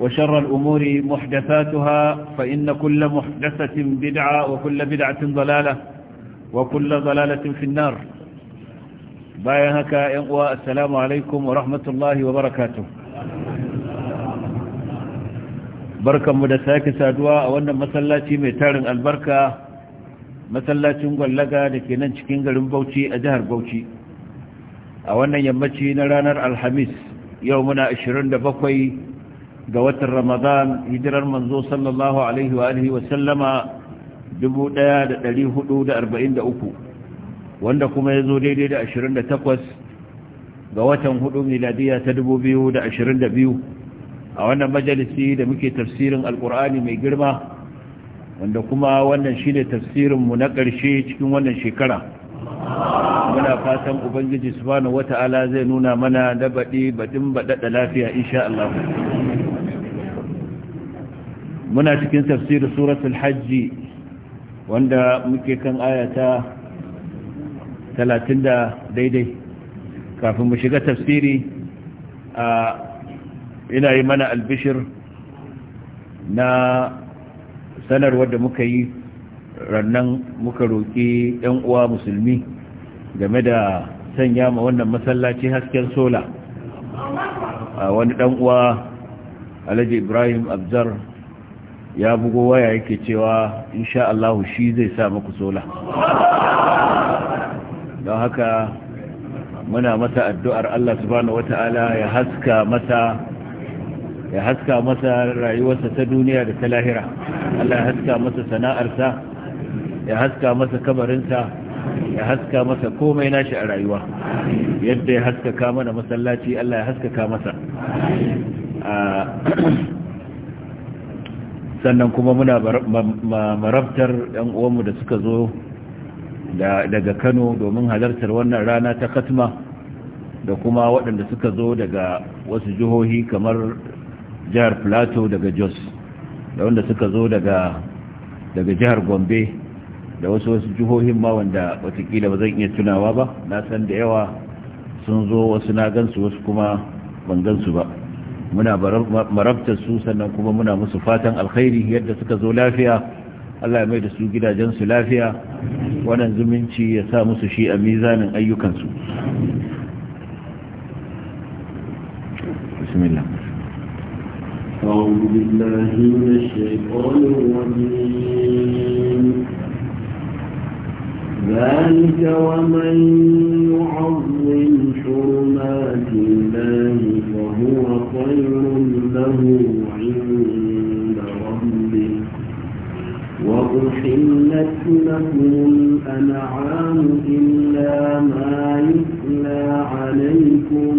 وشر الأمور محدثاتها فإن كل محدثة بدعة وكل بدعة ضلالة وكل ضلالة في النار بايهك يقوى السلام عليكم ورحمة الله وبركاته بركة مدساك سادواء وانا مسلاتي ميتارن البركة مسلاتي مغلقة لكي ننشكين غلوم بوتي أجهر بوتي وانا يمتي نرانر الحميس يومنا 27 ga watan ramadan hijirar manzo sallallahu alaihi wa alihi wasallama 1443 wanda kuma ya zo daidai da 28 ga watan hudu miladiya ta 2022 a wannan majalisi da muke tafsirin alkur'ani mai girma wanda kuma wannan shi ne tafsirinmu na ƙarshe cikin wannan shekara muna fatan ubangiji subhanahu wata'ala zai nuna mana da baɗi baɗin baɗaɗa lafiya insha muna cikin tafsirin suratul hajji wanda muke kan ayata talatin da daidai kafin mu shiga tafsiri a ina yi mana albishir na sanarwar da muka yi rannan muka roƙi ɗan uwa musulmi game da sanya ma wannan masallaci hasken sola a wani ɗan uwa alhaji ibrahim abzar ya bugo waya yake cewa insha Allah shi zai sa muku sola don haka muna masa addu'ar Allah subhanahu wata'ala ya haska masa ya haska masa rayuwarsa ta duniya da ta lahira Allah ya haska masa sana'arsa ya haska masa kabarinsa ya haska masa komai nashi a rayuwa yadda ya haskaka mana masallaci Allah ya haskaka masa ah, sannan kuma muna marabtar yan uwanmu da suka zo daga kano domin halartar wannan rana ta katma da kuma waɗanda suka zo daga wasu jihohi kamar jihar plato daga jos da wanda suka zo daga jihar gombe da wasu wasu jihohin ma wanda watakila ba zan iya tunawa ba na san da yawa sun zo wasu na gansu wasu kuma ban gansu ba muna marabtar su sannan kuma muna musu fatan alkhairi yadda suka zo lafiya Allah ya mai da su gidajensu lafiya wannan zumunci ya sa musu shi a mizanin ayyukansu bismillah أعوذ بالله من الشيطان الرجيم ذلك ومن يعظم حرمات الله فهو خير له عند ربه وأحلت لكم الأنعام إلا ما يتلى عليكم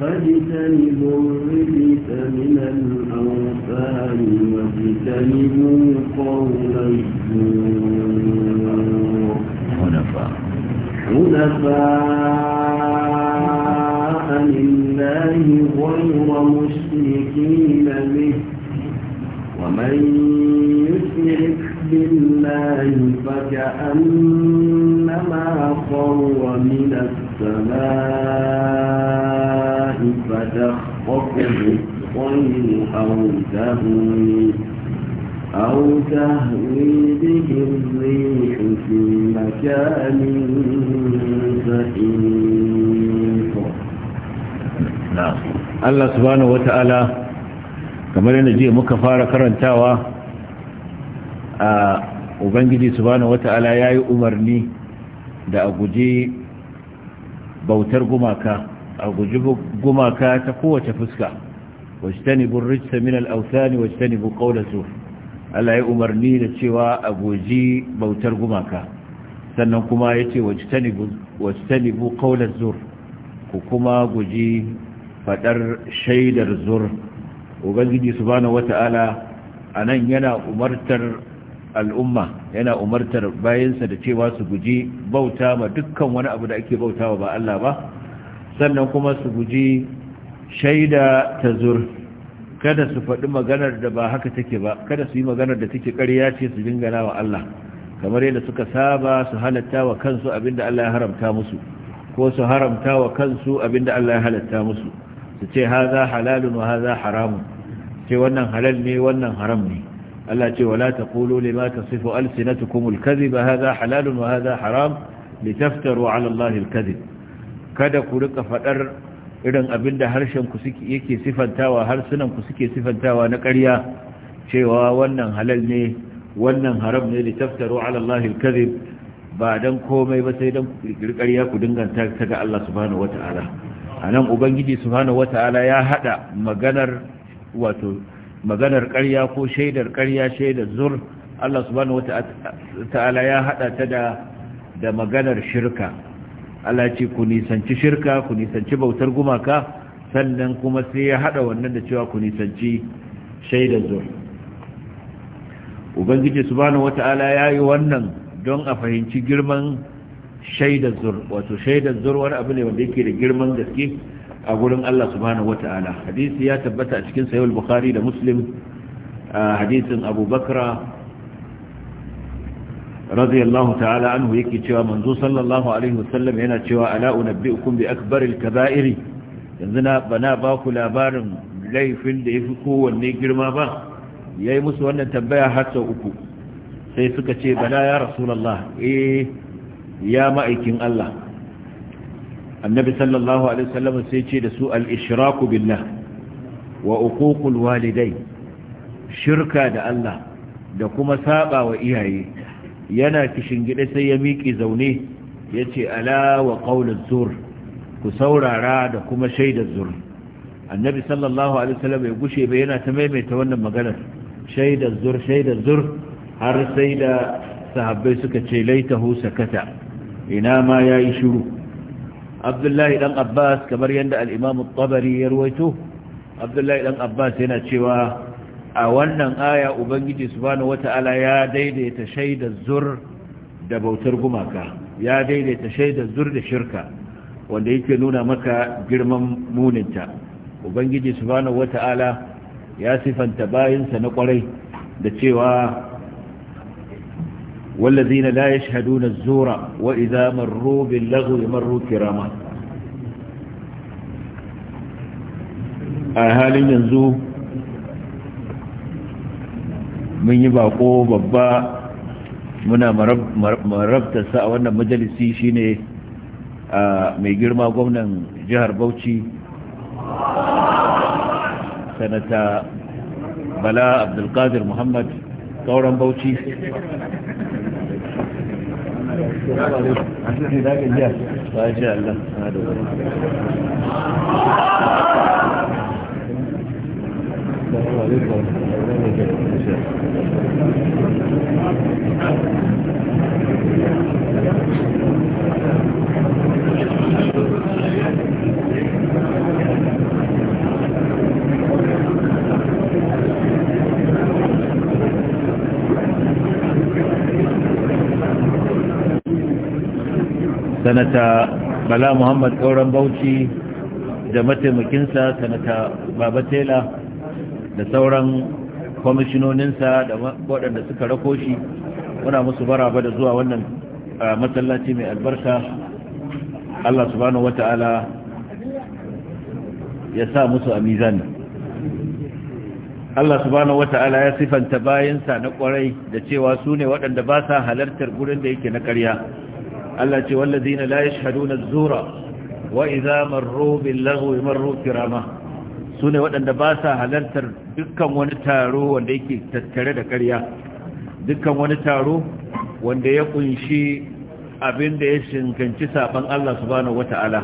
فاجتنبوا الرجس من الأوثان واجتنبوا قول الزور مشركين به ومن يشرك بالله فكأنما خر من السماء فتخطفه الطير أو تهوي أو تهوي به الريح في مكان Allah subhanahu wata'ala kamar yadda jiya muka fara karantawa a ubangiji subhanahu wata'ala ya yi umarni da a guji bautar gumaka a guji gumaka ta kowace fuska wajtanibun rijsa min al-awthani wajtanibun qawla sur Allah ya umarni da cewa a guji bautar gumaka sannan kuma ya yace wajtanibun wajtanibu qawla zur ku kuma guji fadar shaidar zur ubangiji subhanahu wata'ala anan yana umartar al'umma yana umartar bayansa da cewa su guji bauta ma dukkan wani abu da ake bautawa ba Allah ba sannan kuma su guji shaida ta zur kada su faɗi maganar da ba haka take ba kada su yi maganar da take ƙarya ce su dingana wa Allah kamar yadda suka saba su halatta wa kansu abinda Allah ya haramta musu ko su haramta wa kansu abinda Allah ya halatta musu su ce haza halalun wa haza haramun ce wannan halal ne wannan haram ne Allah ce wala taqulu lima tasifu alsinatukum alkadhib haza halalun wa haza haram litaftaru ala Allah alkadhib kada ku rika fadar irin abinda harshen ku suke yake sifantawa harsunan ku suke sifantawa na ƙarya cewa wannan halal ne wannan haram ne litaftaru ala Allah alkadhib ba dan komai ba sai dan ku kirkiri ƙarya ku dinganta ta ga Allah subhanahu wataala a nan ubangiji subhanahu wata'ala ya hada maganar wato maganar ƙarya ko shaidar ƙarya shaidar zur Allah subhanahu wata'ala ya hada ta da da maganar shirka Allah ce ku nisanci shirka ku nisanci bautar gumaka sannan kuma sai ya hada wannan da cewa ku nisanci shaidar zur ubangiji subhanahu wata'ala ya yi wannan don a fahimci girman shaidar zur wato shaidar zur wani abu ne wanda yake da girman gaske a gurin Allah subhanahu wata'ala hadisi ya tabbata a cikin sahih al-bukhari da muslim hadisin abu bakra radiyallahu ta'ala anhu yake cewa manzo sallallahu alaihi wasallam yana cewa ala unabbiukum bi akbar al-kaba'ir yanzu na bana ba ku labarin laifin da yafi kowanne girma ba yayi musu wannan tambaya har sau uku sai suka ce bala ya rasulullah eh ya ma'aikin Allah annabi sallallahu alaihi wasallam sai ce da su al-ishraku billah wa uququl walidai shirka da Allah da kuma saba wa iyaye yana kishin gida sai ya miƙi zaune Ya ala wa ƙaunar zur ku saurara da kuma shaidar zur annabi sallallahu alaihi wasallam ya gushe bai yana ta maimaita wannan maganar shaidar zur shaidar zur har sai da sahabbai suka ce laitahu sakata ina ma ya yi shiru abdullahi dan abbas kamar yadda al'imamu tabari ya ruwaito abdullahi dan abbas yana cewa a wannan aya ubangiji subhanahu wata'ala ya daidaita shaida zur da bautar gumaka ya daidaita shaida zur da shirka wanda yake nuna maka girman muninta ubangiji subhanahu wata'ala ya sifanta bayinsa na kwarai da cewa والذين لا يشهدون الزور وإذا مروا باللغو مروا كراما أهالي ينزو من يباقو ببا muna marabtarsa a wannan majalisi shine mai girma gwamnan jihar bauchi sanata bala abdulkadir muhammad sauran bauchi عشان ذاك الجهل راجع له هذا السلام عليكم ورحمة الله وبركاته sanata bala muhammad tsoron bauchi da mataimakinsa sanata baba tela da sauran kwamishinoninsa da waɗanda suka rako shi wana musu baraba da zuwa wannan masallaci mai albarka allah subhanahu wata'ala ya sa musu a mizani Allah subhanahu wata'ala ya sifanta bayansa na kwarai da cewa su ne waɗanda ba sa halartar gurin da yake na ƙarya Allah ce wallazina la yashhaduna az-zura wa idza marru bil lagwi marru kirama sune waɗanda ba sa halartar dukkan wani taro wanda yake tattare da karya dukkan wani taro wanda ya ƙunshi abin da ya shinkanci saban Allah subhanahu wata'ala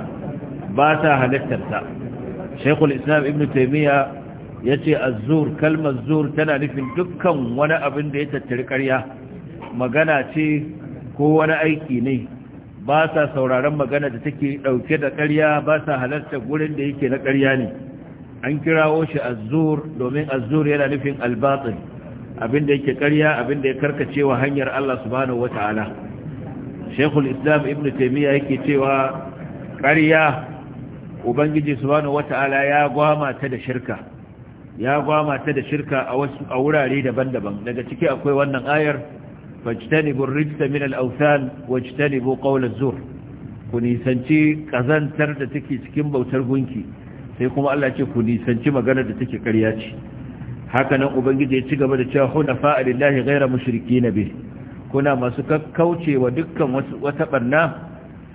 ba sa halartarsa Sheikhul Islam Ibn Taymiyyah yace az-zur kalmar zur tana nufin dukkan wani abin da ya tattari karya magana ce ko wani aiki ne ba sa sauraron magana da take ɗauke da ƙarya ba sa halarta gurin da yake na ƙarya ne an kirawo shi azur domin azur yana nufin albatin abinda yake ƙarya abinda ya karkace wa hanyar Allah subhanahu wata'ala shekul islam ibn taimiyya yake cewa ƙarya ubangiji subhanahu wata'ala ya gwama ta da shirka ya gwama ta da shirka a wurare daban-daban daga ciki akwai wannan ayar fajtanibu rijsa min al-awthan wajtanibu qawl az-zur ku nisanci kazantar da take cikin bautar gunki sai kuma Allah ce ku nisanci maganar da take karya ce hakanan nan ubangiji ya ci gaba da cewa hunafa lillahi ghayra na bih kuna masu kakkaucewa dukkan wata barna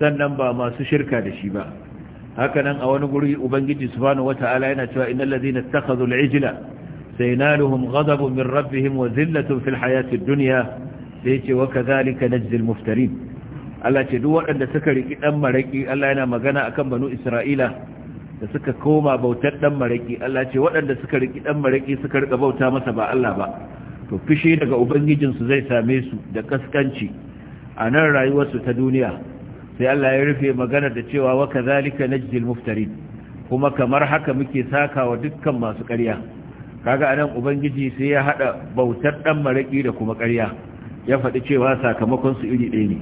sannan ba masu shirka da shi ba hakanan a wani guri ubangiji subhanahu wata'ala yana cewa innal ladina ittakhadhu al-ijla sayanaluhum ghadabun min rabbihim wa zillatun fil hayati duniya. sai ce wa kazalika najzil muftarin Allah ce duk waɗanda suka riki dan maraki Allah yana magana akan banu Isra'ila da suka koma bautar dan maraki Allah ce waɗanda suka riki dan maraki suka rika bauta masa ba Allah ba to fishi daga ubangijinsu zai same su da kaskanci a nan rayuwarsu ta duniya sai Allah ya rufe magana da cewa wa kazalika najzil muftarin kuma kamar haka muke sakawa dukkan masu ƙarya kaga anan ubangiji sai ya hada bautar dan maraki da kuma ƙarya ya faɗi cewa sakamakon su iri ɗaya ne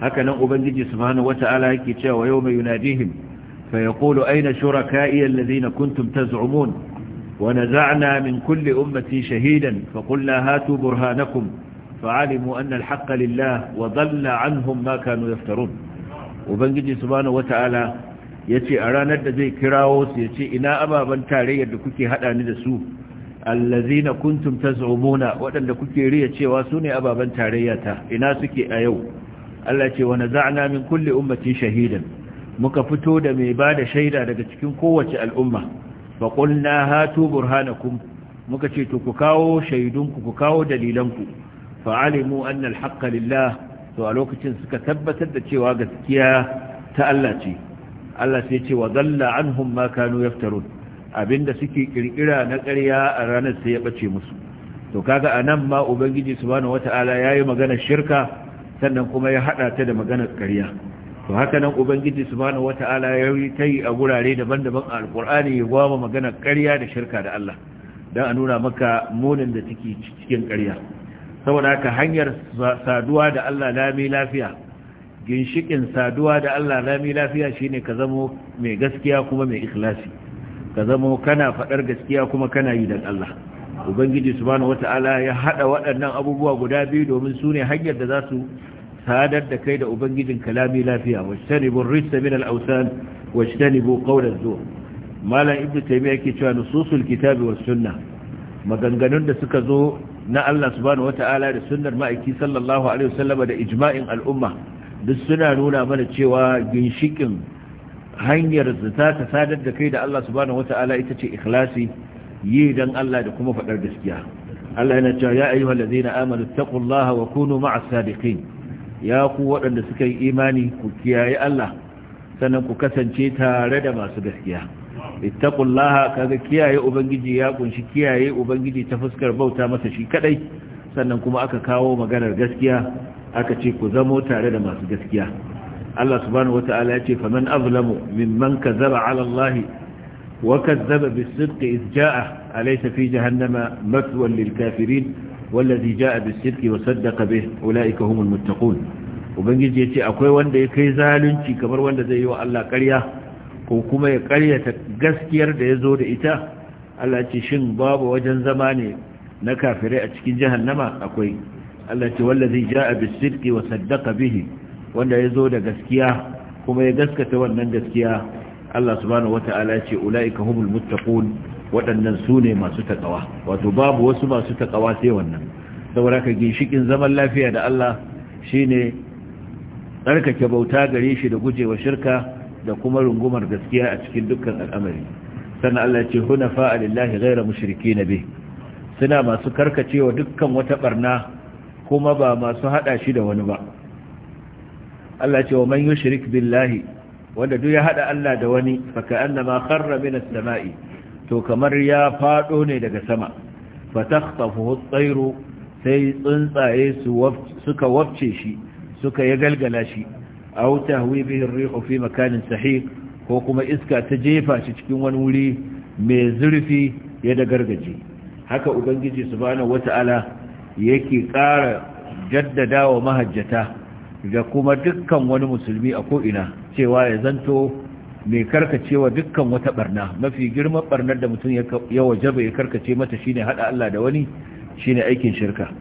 haka nan ubangiji subhanahu wata'ala yake cewa yawma yunadihim fa ka iya shuraka'i alladhina kuntum zumun. wani za'ana min kulle ummatin shahidan fa hatu burhanakum fa'alimu anna al-haqqa lillah wa dhalla 'anhum ma kanu yaftarun ubangiji subhanahu ya yace a ranar da zai kirawo su ya ce ina ababen tarayyar da kuke hada ni da su allazina kuntum taz'umuna waɗanda kuke riya cewa su ne ababen tarayyata ina suke a yau Allah ce wa naza'na min kulli ummatin shahidan muka fito da mai bada shaida daga cikin kowace al'umma fa qulna hatu burhanakum muka ce to ku kawo shaidunku ku kawo dalilanku fa alimu anna al-haqqa lillah to a lokacin suka tabbatar da cewa gaskiya ta Allah ce Allah sai ce wa dalla anhum ma kanu yaftarun abinda suke kirkira na ƙarya a ranar sai ya bace musu to kaga a nan ma ubangiji subhanahu wata'ala yi magana shirka sannan kuma ya haɗa ta da maganar ƙarya to haka nan ubangiji subhanahu wata'ala yayi tai a gurare daban-daban a alqur'ani ya gwama maganar ƙarya da shirka da Allah dan a nuna maka munin da take cikin ƙarya saboda haka hanyar saduwa da Allah lami lafiya ginshikin saduwa da Allah lami lafiya shine ka zamo mai gaskiya kuma mai ikhlasi ka zama kana faɗar gaskiya kuma kana yi don Allah ubangiji subhanahu wata'ala ya haɗa waɗannan abubuwa guda biyu domin su ne hanyar da za su sadar da kai da ubangijin kalami lafiya wajtanibu Rista min al-awsan ta qawl az zuwa? malam ibnu taymiya yake cewa nususul kitabi was sunnah maganganun da suka zo na Allah subhanahu wata'ala da sunnar ma'aiki sallallahu alaihi da ijma'in al'umma duk suna nuna mana cewa ginshikin hanyar da ta sadar da kai da Allah subhanahu wata'ala ita ce ikhlasi yi dan Allah da kuma faɗar gaskiya Allah yana cewa ya ayyuhal ladzina amanu taqullaha wa kunu ma'as sadiqin ya ku waɗanda suka yi imani ku kiyaye Allah sannan ku kasance tare da masu gaskiya ittaqullaha kaga kiyaye ubangiji ya kunshi kiyaye ubangiji ta fuskar bauta masa shi kadai sannan kuma aka kawo maganar gaskiya aka ce ku zamo tare da masu gaskiya Allah subhanahu wata'ala ya ce faman azlamu mimman ka zaba Allah wa kazzaba bis-sidqi iz ja'a alaysa fi jahannama mathwan lil-kafirin wallazi ja'a bis-sidqi wa saddaqa bih ulaika humul muttaqun ubangiji ya ce akwai wanda ya kai zalunci kamar wanda zai yi wa Allah ƙarya ko kuma ya ƙaryata gaskiyar da ya zo da ita Allah ce shin babu wajen zama ne na kafirai a cikin jihannama akwai Allah ce wallazi ja'a bis-sidqi wa saddaqa bihi wanda ya zo da gaskiya kuma ya gaskata wannan gaskiya Allah subhanahu wata'ala ce ula'ika humul muttaqun waɗannan su ne masu takawa wato babu wasu masu takawa sai wannan saboda ka ginshikin zaman lafiya da Allah shine tsarkake bauta gare shi da gujewa shirka da kuma rungumar gaskiya a cikin dukkan al'amari sannan Allah ce hunafa lillahi ghayra mushrikeen bi." suna masu karkacewa dukkan wata barna kuma ba masu hada shi da wani ba Allah ce wa man yushrik billahi wanda duk ya hada Allah da wani fa ka'annama kharra min as-sama'i to kamar ya fado ne daga sama fa takhtafuhu at-tayru sai tsuntsaye su suka wafce shi suka ya galgala shi aw tahwi bihi ar-rihu fi makanin sahiq ko kuma iska ta jefa shi cikin wani wuri mai zurfi ya da gargaji. haka ubangiji subhanahu wata'ala yake ƙara jaddadawa mahajjata da kuma dukkan wani musulmi a ko'ina cewa ya zanto mai karkacewa dukkan wata barna mafi girman barnar da mutum ya wajaba ya karkace mata ne haɗa Allah da wani ne aikin shirka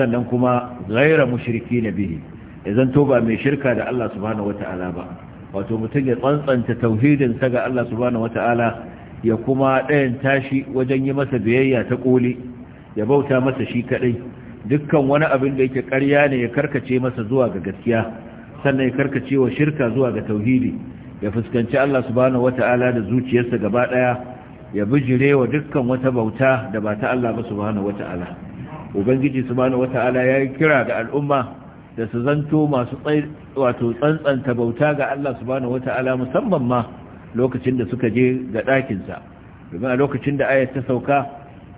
sannan kuma ghaira mushriki na bihi ya zanto ba mai shirka da Allah subhanahu wata'ala ba wato mutum ya tsantsanta tauhidin sa ga Allah subhanahu wata'ala ya kuma ɗayan tashi wajen yi masa biyayya ta koli ya bauta masa shi kaɗai. dukkan wani abin da yake ƙarya ne ya karkace masa zuwa ga gaskiya sannan ya karkace wa shirka zuwa ga tauhidi ya fuskanci Allah subhanahu wata'ala da zuciyarsa gaba daya ya bijire wa dukkan wata bauta da ba ta Allah ba subhanahu wata'ala ubangiji subhanahu wata'ala ya yi kira ga al'umma da su zanto masu wato tsantsanta bauta ga Allah subhanahu wata'ala musamman ma lokacin da suka je ga ɗakinsa domin a lokacin da ayat ta sauka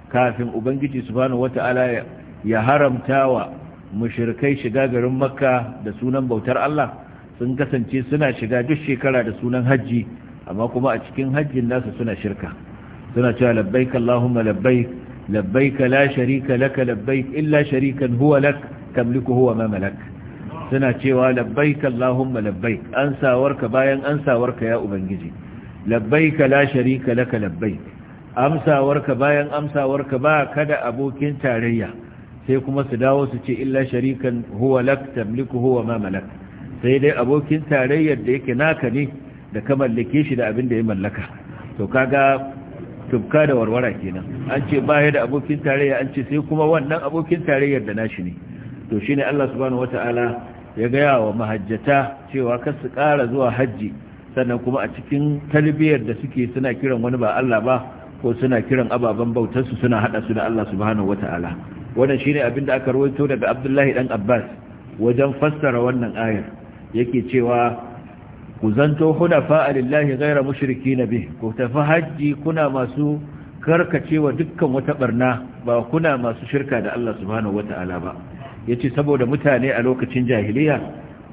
kafin ubangiji subhanahu wata'ala ya ya haramta wa mushrikai shiga garin makka da sunan bautar Allah sun kasance suna shiga duk shekara da sunan hajji amma kuma a cikin hajjin nasu suna shirka suna cewa labbaik Allahumma labbaik labbaik la sharika laka labbaik illa sharikan huwa lak tamliku huwa ma malak suna cewa labbaik Allahumma labbaik ansawarka bayan ansawarka ya ubangiji labbaik la sharika laka labbaik amsawarka bayan amsawarka ba kada abokin tarayya sai kuma su dawo su ce illa sharikan huwa lak tamliku huwa ma malak sai dai abokin tarayyar da yake naka ne da ka mallake shi da abin da ya mallaka to kaga tubka da warwara kenan an ce baya da abokin tarayya an ce sai kuma wannan abokin tarayyar da nashi ne to shine Allah subhanahu wataala ya gaya wa mahajjata cewa kar su ƙara zuwa hajji sannan kuma a cikin talbiyar da suke suna kiran wani ba Allah ba ko suna kiran ababen bautarsu suna hada su da Allah subhanahu wataala wannan shine abin da aka rawaito daga Abdullahi dan Abbas wajen fassara wannan ayar yake cewa ku zanto hunafa lillahi ghayra na bih ku tafi hajji kuna masu karkacewa dukkan wata barna ba kuna masu shirka da Allah subhanahu wataala ba yace saboda mutane a lokacin jahiliya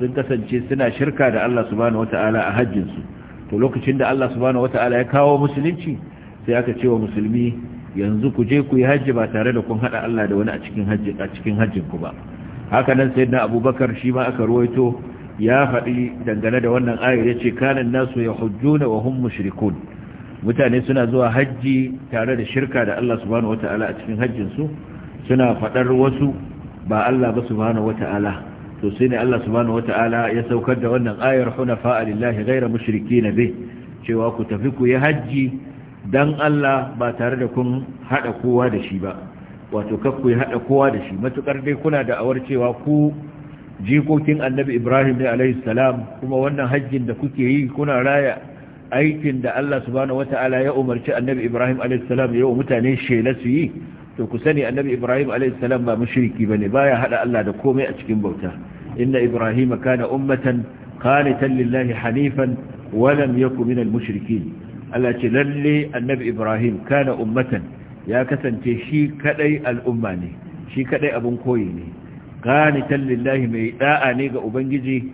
sun kasance suna shirka da Allah subhanahu wataala a hajjinsu to lokacin da Allah subhanahu wataala ya kawo musulunci sai aka cewa musulmi yanzu ku je ku yi hajji ba tare da kun hada Allah da wani a cikin hajji a cikin hajjin ku ba haka nan da abubakar shi ma aka ruwaito ya faɗi dangane da wannan ayar ce kanan nasu hujjuna wa hum mushrikun mutane suna zuwa hajji tare da shirka da Allah subhanahu ta'ala a cikin hajjin su suna faɗar wasu ba Allah ba subhanahu wataala to sai ne Allah subhanahu ta'ala ya saukar da wannan ayar hunafa lillahi ghayra mushrikina bih cewa ku tafi ku yi hajji dan Allah ba tare da kun hada kowa da shi ba wato kakku ya hada kowa da shi matukar dai kuna da awar cewa ku jikokin annabi Ibrahim ne alaihi salam kuma wannan hajjin da kuke yi kuna raya aikin da Allah subhanahu wataala ya umarci annabi Ibrahim alaihi salam ya mutane shela su yi to ku sani annabi Ibrahim alaihi salam ba mushriki bane baya hada Allah da komai a cikin bauta inna Ibrahim kana ummatan qanitan lillahi hanifan wa lam yakun minal mushrikin Allah lalle annabi Ibrahim kana ummatan ya kasance shi kadai al'umma ne shi kadai abin koyi ne qanitan lillahi mai da'a ne ga ubangiji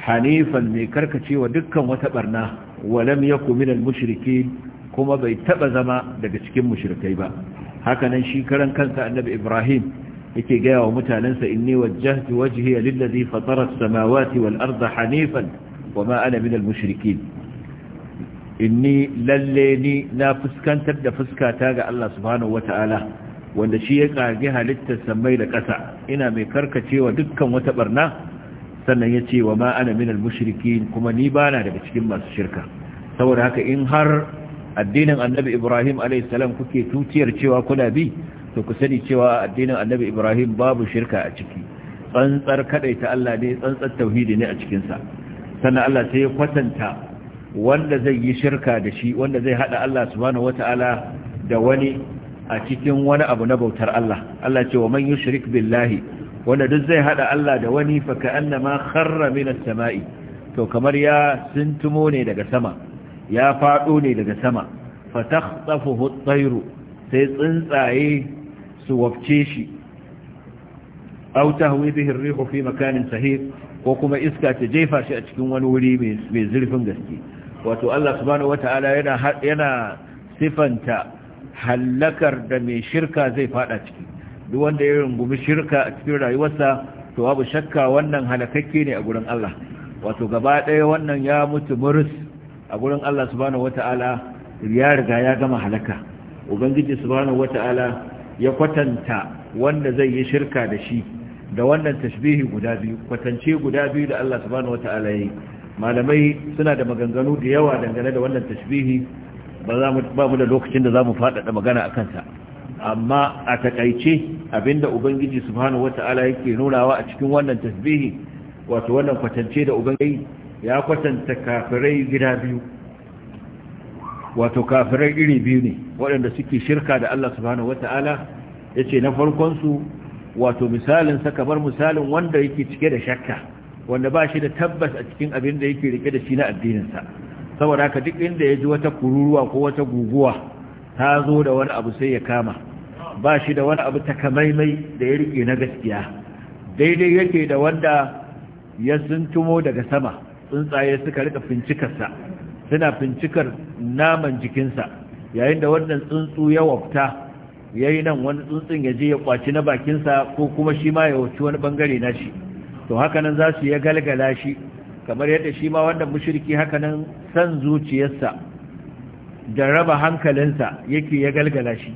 hanifan mai karkacewa dukkan wata barna walam yaku minal mushiriki kuma bai taba zama daga cikin mushrikai ba hakanan shi karan kansa annabi Ibrahim yake gaya wa mutanensa inni wajjahtu wajhiya lillazi fatara as-samawati wal arda hanifan wama ana minal mushiriki. inni lalle ni na fuskantar da fuskata ga Allah subhanahu wata'ala wanda shi ya kage halittar samai da ƙasa ina mai karkacewa dukkan wata barna sannan ya ce wa ma ana minal mushrikin kuma ni bana daga cikin masu shirka saboda haka in har addinin annabi Ibrahim alayhi kuke tuciyar cewa kuna bi to ku sani cewa addinin annabi Ibrahim babu shirka a ciki tsantsar kadaita Allah ne tsantsar tauhidi ne a cikinsa? sannan Allah sai ya kwatanta wanda zai yi shirka da shi wanda zai hada Allah subhanahu wata'ala da wani a cikin wani abu na bautar Allah Allah ce wa man yushrik billahi wanda duk zai hada Allah da wani fa ka'annama kharra min as-sama'i to kamar ya sintumo ne daga sama ya fado ne daga sama fa takhtafuhu at-tayru sai tsuntsaye su wafce shi aw tahwi bihi ar-rihu fi makanin sahih ko kuma iska ta jefa shi a cikin wani wuri mai zurfin gaske wato Allah subhanahu wata'ala yana yana sifanta halakar da mai shirka zai fada ciki duk wanda ya rungumi shirka a cikin rayuwarsa to babu shakka wannan halakakke ne a gurin Allah wato gaba ɗaya wannan ya mutu murus a gurin Allah subhanahu wata'ala ya riga ya gama halaka ubangiji subhanahu wata'ala ya kwatanta wanda zai yi shirka da shi da wannan tashbihi guda biyu kwatance guda biyu da Allah subhanahu wata'ala yi malamai suna da maganganu da yawa dangane da wannan tashbihi ba za mu ba mu da lokacin da zamu faɗaɗa magana a kansa amma a takaice abinda ubangiji subhanahu wata'ala yake nunawa a cikin wannan tashbihi wato wannan kwatance da ubangiji ya kwatanta kafirai gida biyu wato kafirai iri biyu ne waɗanda suke shirka da Allah subhanahu wata'ala yace na farkon su wato misalin saka bar misalin wanda yake cike da shakka wanda ba shi da tabbas a cikin abin da yake rike da shi na addininsa saboda haka duk inda ya ji wata kururuwa ko wata guguwa ta zo da wani abu sai ya kama ba shi da wani abu takamaimai da ya rike na gaskiya daidai yake da wanda ya tsuntumo daga sama tsuntsaye suka rika fincikarsa suna fincikar naman jikinsa yayin da wannan tsuntsu ya wafta yayi nan wani tsuntsun ya je ya kwaci na bakinsa ko kuma shi ma ya wuce wani bangare na shi to haka nan za su ya galgala shi kamar yadda shi ma wanda mushirki haka nan san zuciyarsa da raba hankalinsa yake ya galgala shi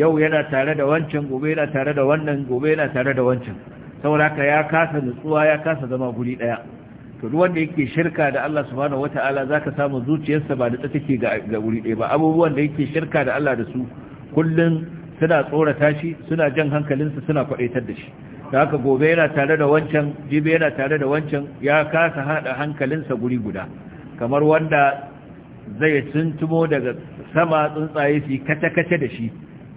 yau yana tare da wancan gobe yana tare da wannan gobe yana tare da wancan saboda haka ya kasa nutsuwa ya kasa zama guri daya to duk wanda yake shirka da Allah subhanahu wataala zaka samu zuciyarsa ba da take ga guri ɗaya ba abubuwan da yake shirka da Allah da su kullun suna tsorata shi suna jan hankalinsa suna kwaɗaitar da shi da haka gobe yana tare da wancan jibe yana tare da wancan ya kasa hada hankalinsa guri guda kamar wanda zai tumo daga sama tsuntsaye su kace-kace da shi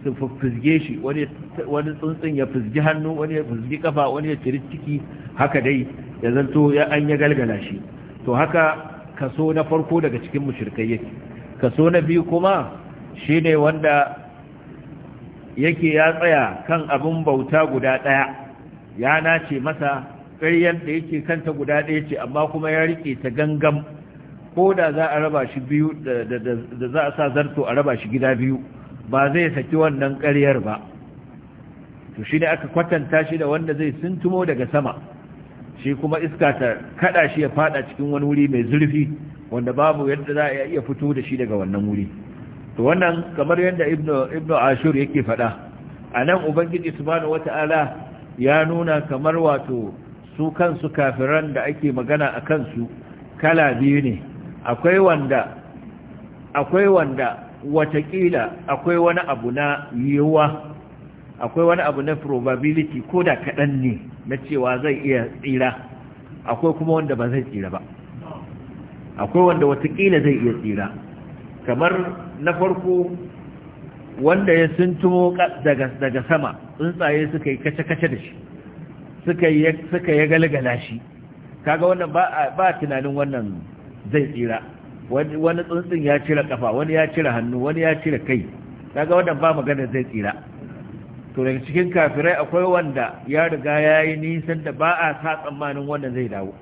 su fuzge shi wani tsuntsun ya fuzgi hannu wani ya fuzgi kafa wani ya ciri ciki haka dai ya zanto ya an ya galgala shi to haka kaso na farko daga cikin mushrikai yake kaso na biyu kuma shine wanda yake ya tsaya kan abin bauta guda ɗaya ya nace masa ƙaryar da yake kanta guda ɗaya ce amma kuma ya riƙe ta gangam ko da za a raba shi biyu da za a sa zarto a raba shi gida biyu ba zai saki wannan ƙaryar ba to shi ne aka kwatanta shi da wanda zai suntumo daga sama shi kuma iska ta kada shi ya fada cikin wani wuri mai zurfi wanda babu yadda za a iya fito da shi daga wannan wuri to wannan kamar yadda ibnu ibnu ashur yake faɗa anan ubangiji subhanahu wata'ala ya nuna kamar wato su kansu kafiran da ake magana a kansu kala biyu ne akwai wanda akwai wanda watakila akwai wani abu na yiwuwa akwai wani abu na probability ko da kaɗan ne na cewa zai iya tsira akwai kuma wanda ba zai tsira ba akwai wanda watakila zai iya tsira kamar na farko wanda ya sintumo daga sama tsuntsaye suka yi kace-kace da shi suka yi galgala shi kaga wannan ba tunanin wannan zai tsira wani tsuntsun ya cire kafa wani ya cire hannu wani ya cire kai kaga wannan ba magana zai tsira to daga cikin kafirai akwai wanda ya riga ya yi nisan da ba a sa tsammanin wannan zai dawo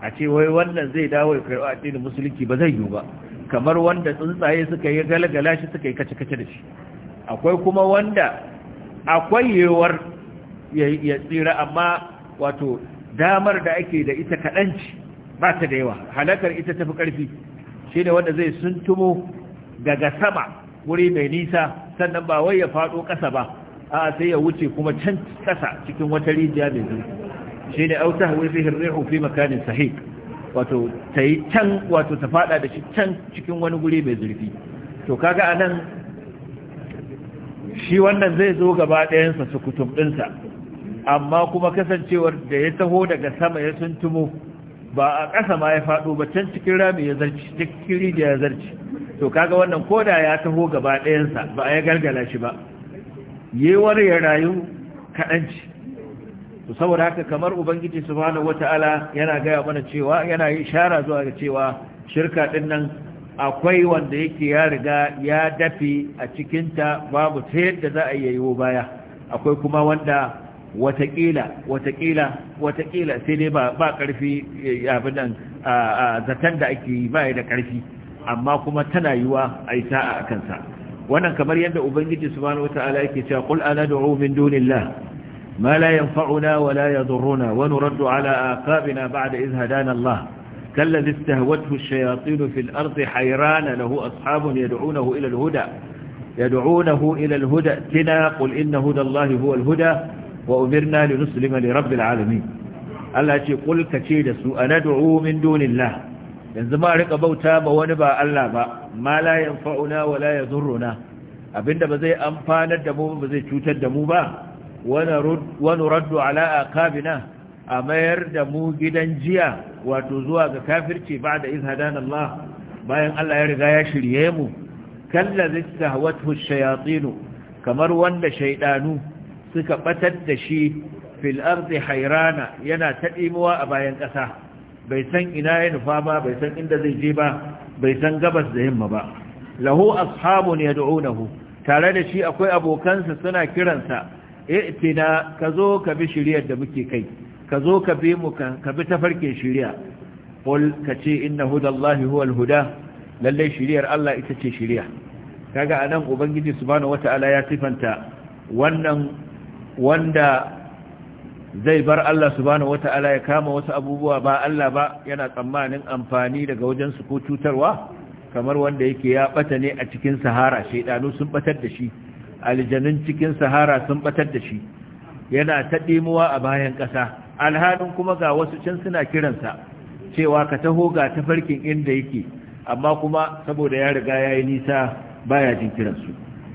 a ce wai wannan zai dawo ya karɓi addinin musulunci ba zai yiwu ba kamar wanda tsuntsaye suka yi galgala shi suka yi kace-kace da shi akwai kuma wanda akwai yewar ya tsira amma wato damar da ake da ita kaɗanci ba ta da yawa halakar ita tafi ƙarfi shi ne wanda zai suntumo daga sama wuri mai nisa sannan ba wai ya faɗo ƙasa ba a sai ya wuce kuma can ƙasa cikin wata rijiya mai zurfi shi ne auta hawa fi makanin sahih wato ta yi can wato ta fada da shi can cikin wani guri mai zurfi to kaga a nan shi wannan zai zo gaba ɗayansa su kutum ɗinsa amma kuma kasancewar da ya taho daga sama ya suntumo ba a ƙasa ma ya faɗo ba can cikin rami ya zarci cikin rijiya ya zarci to kaga wannan ko da ya taho gaba ɗayansa ba a ya gargala shi ba yi wani ya rayu kaɗanci to saboda haka kamar ubangiji subhanahu wata'ala yana gaya mana cewa yana ishara zuwa ga cewa shirka din nan akwai wanda yake ya riga ya dafi a cikinta babu ta yadda za a yayyo baya akwai kuma wanda watakila watakila watakila sai dai ba ba karfi eh, abin nan zatan da ake yi ba da karfi amma kuma tana yiwa a yi sa'a a kansa wannan kamar yadda ubangiji subhanahu wata'ala yake cewa qul ana du'u min dunillah ما لا ينفعنا ولا يضرنا ونرد على آفابنا بعد إذ هدانا الله كالذي استهوته الشياطين في الأرض حيران له أصحاب يدعونه إلى الهدى يدعونه إلى الهدى اتنا قل إن هدى الله هو الهدى وأمرنا لنسلم لرب العالمين Allah ce kulka ce da su anad'u min dunillah yanzu ma rika bauta ba wani ba Allah ba ma la yanfa'una wa la yadhurruna abinda ba zai amfanar da mu ba zai cutar da mu ba wani raddu ala akabina a mayar da mu gidan jiya wato zuwa ga kafirci ba da izhadan Allah bayan Allah ya riga ya shirye mu kallazi tahwatu shayatin kamar wanda shaydanu suka batar da shi fil ardi hayrana yana tadimuwa a bayan ƙasa. bai san ina ya nufa bai san inda zai je ba bai san gabas da yamma ba lahu ashabun yad'unahu tare da shi akwai abokansa suna kiransa i'tina ka zo ka bi shiriyar da muke kai ka zo ka bi mu ka bi tafarkin shiriya qul ka ce inna hudallahi huwal huda lalle shiriyar Allah ita ce shiriya kaga anan ubangiji subhanahu wataala ya sifanta wannan wanda zai bar Allah subhanahu wata'ala ya kama wasu abubuwa ba Allah ba yana tsammanin amfani daga wajen su ko cutarwa kamar wanda yake ya bata ne a cikin sahara ɗanu sun batar da shi aljanun cikin sahara sun batar da shi yana ta ɗimuwa a bayan ƙasa alhalin kuma ga wasu can suna kiransa cewa ka taho ga tafarkin inda yake amma kuma saboda ya riga ya yi nisa baya jin kiransu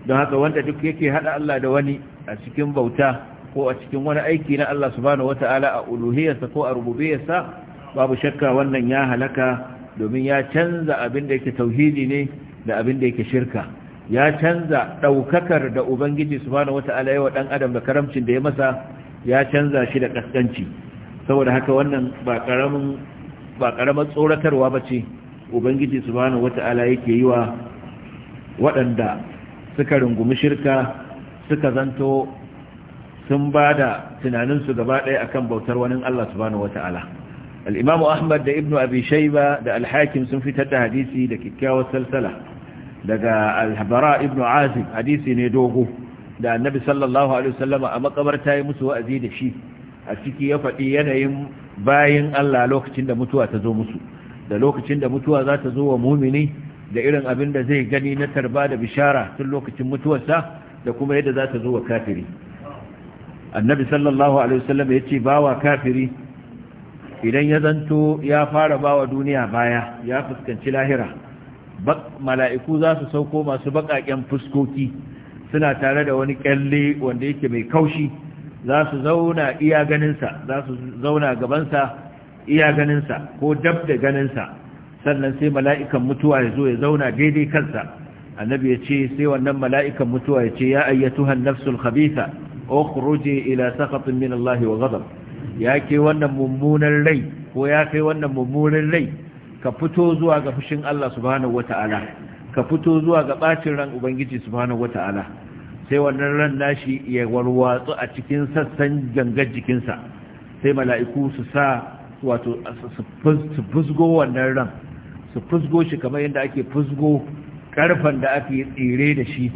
don haka wanda duk yake haɗa Allah da wani a cikin bauta ko a cikin wani aiki na Allah subhanahu wata'ala a uluhiyarsa ko a rububiyarsa babu shakka wannan ya halaka domin ya canza abin da yake tauhidi ne da abin da yake shirka ya canza ɗaukakar da ubangiji subhanahu wata'ala yawa ɗan adam da karamcin da ya masa ya canza shi da ƙasƙanci saboda haka wannan ba ƙaramin tsoratarwa ba ce ubangiji subhanahu wata'ala yake yi wa waɗanda suka rungumi shirka suka zanto sun ba da tunaninsu gaba ɗaya akan bautar wani Allah subhanahu wata'ala da ibnu دا ابن da شيبة sun fitar da hadisi da kyakkyawar salsala. daga al-habara ibn azib hadisi ne dogo da annabi sallallahu alaihi wasallama a makabarta yi musu wa'azi da shi a ciki ya faɗi yanayin bayin Allah lokacin da mutuwa ta zo musu da lokacin da mutuwa za ta zo wa mumini da irin abin da zai gani na tarba da bishara tun lokacin mutuwarsa da kuma yadda za ta zo wa kafiri annabi sallallahu alaihi wasallam ya ce bawa kafiri idan ya zanto ya fara bawa duniya baya ya fuskanci lahira mala'iku za su sauko masu baƙaƙen fuskoki suna tare da wani ƙyalle wanda yake mai kaushi za su zauna iya ganinsa za su zauna gabansa iya ganinsa ko dab da ganinsa sannan sai mala'ikan mutuwa ya zo ya zauna daidai kansa annabi ya ce sai wannan mala'ikan mutuwa ya ce ya ayyatuhan nafsul khabitha ukhruji ila sakhatin min Allah wa gazab ya ke wannan mummunan rai ko ya kai wannan mummunan rai ka fito zuwa ga fushin Allah subhanahu wata'ala ka fito zuwa ga bacin ran ubangiji subhanahu wata'ala sai wannan ran nashi ya warwatsu a cikin sassan gangar jikinsa sai mala'iku su sa wato su fusgo wannan ran su fusgo shi kamar yadda ake fusgo karfan da ake tsire da shi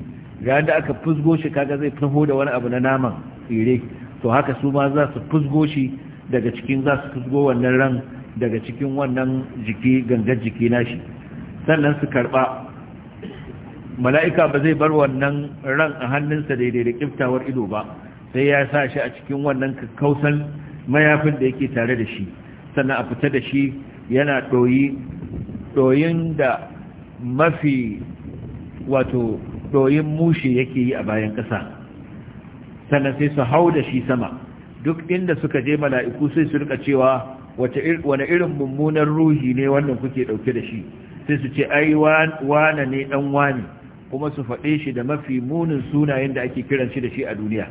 ga da aka fusgo shi kaga zai taho da wani abu na naman tsire to haka su ma za su fusgo shi daga cikin za su fusgo wannan ran daga cikin wannan jiki gangar jiki nashi sannan su karba mala'ika ba zai bar wannan ran a hannunsa daidai da kiftawar ido ba sai ya sa shi a cikin wannan kakkausan mayafin da yake tare da shi sannan a fita da shi yana ɗoyi ɗoyin da mafi wato ɗoyin mushe yake yi a bayan ƙasa sannan sai su hau da shi sama duk inda suka je mala'iku sai su rika cewa Wane irin mummunan ruhi ne wannan kuke ɗauke da shi sai su ce ai wane ne ɗan wane kuma su faɗe shi da mafi munin sunayen da ake kiran shi da shi a duniya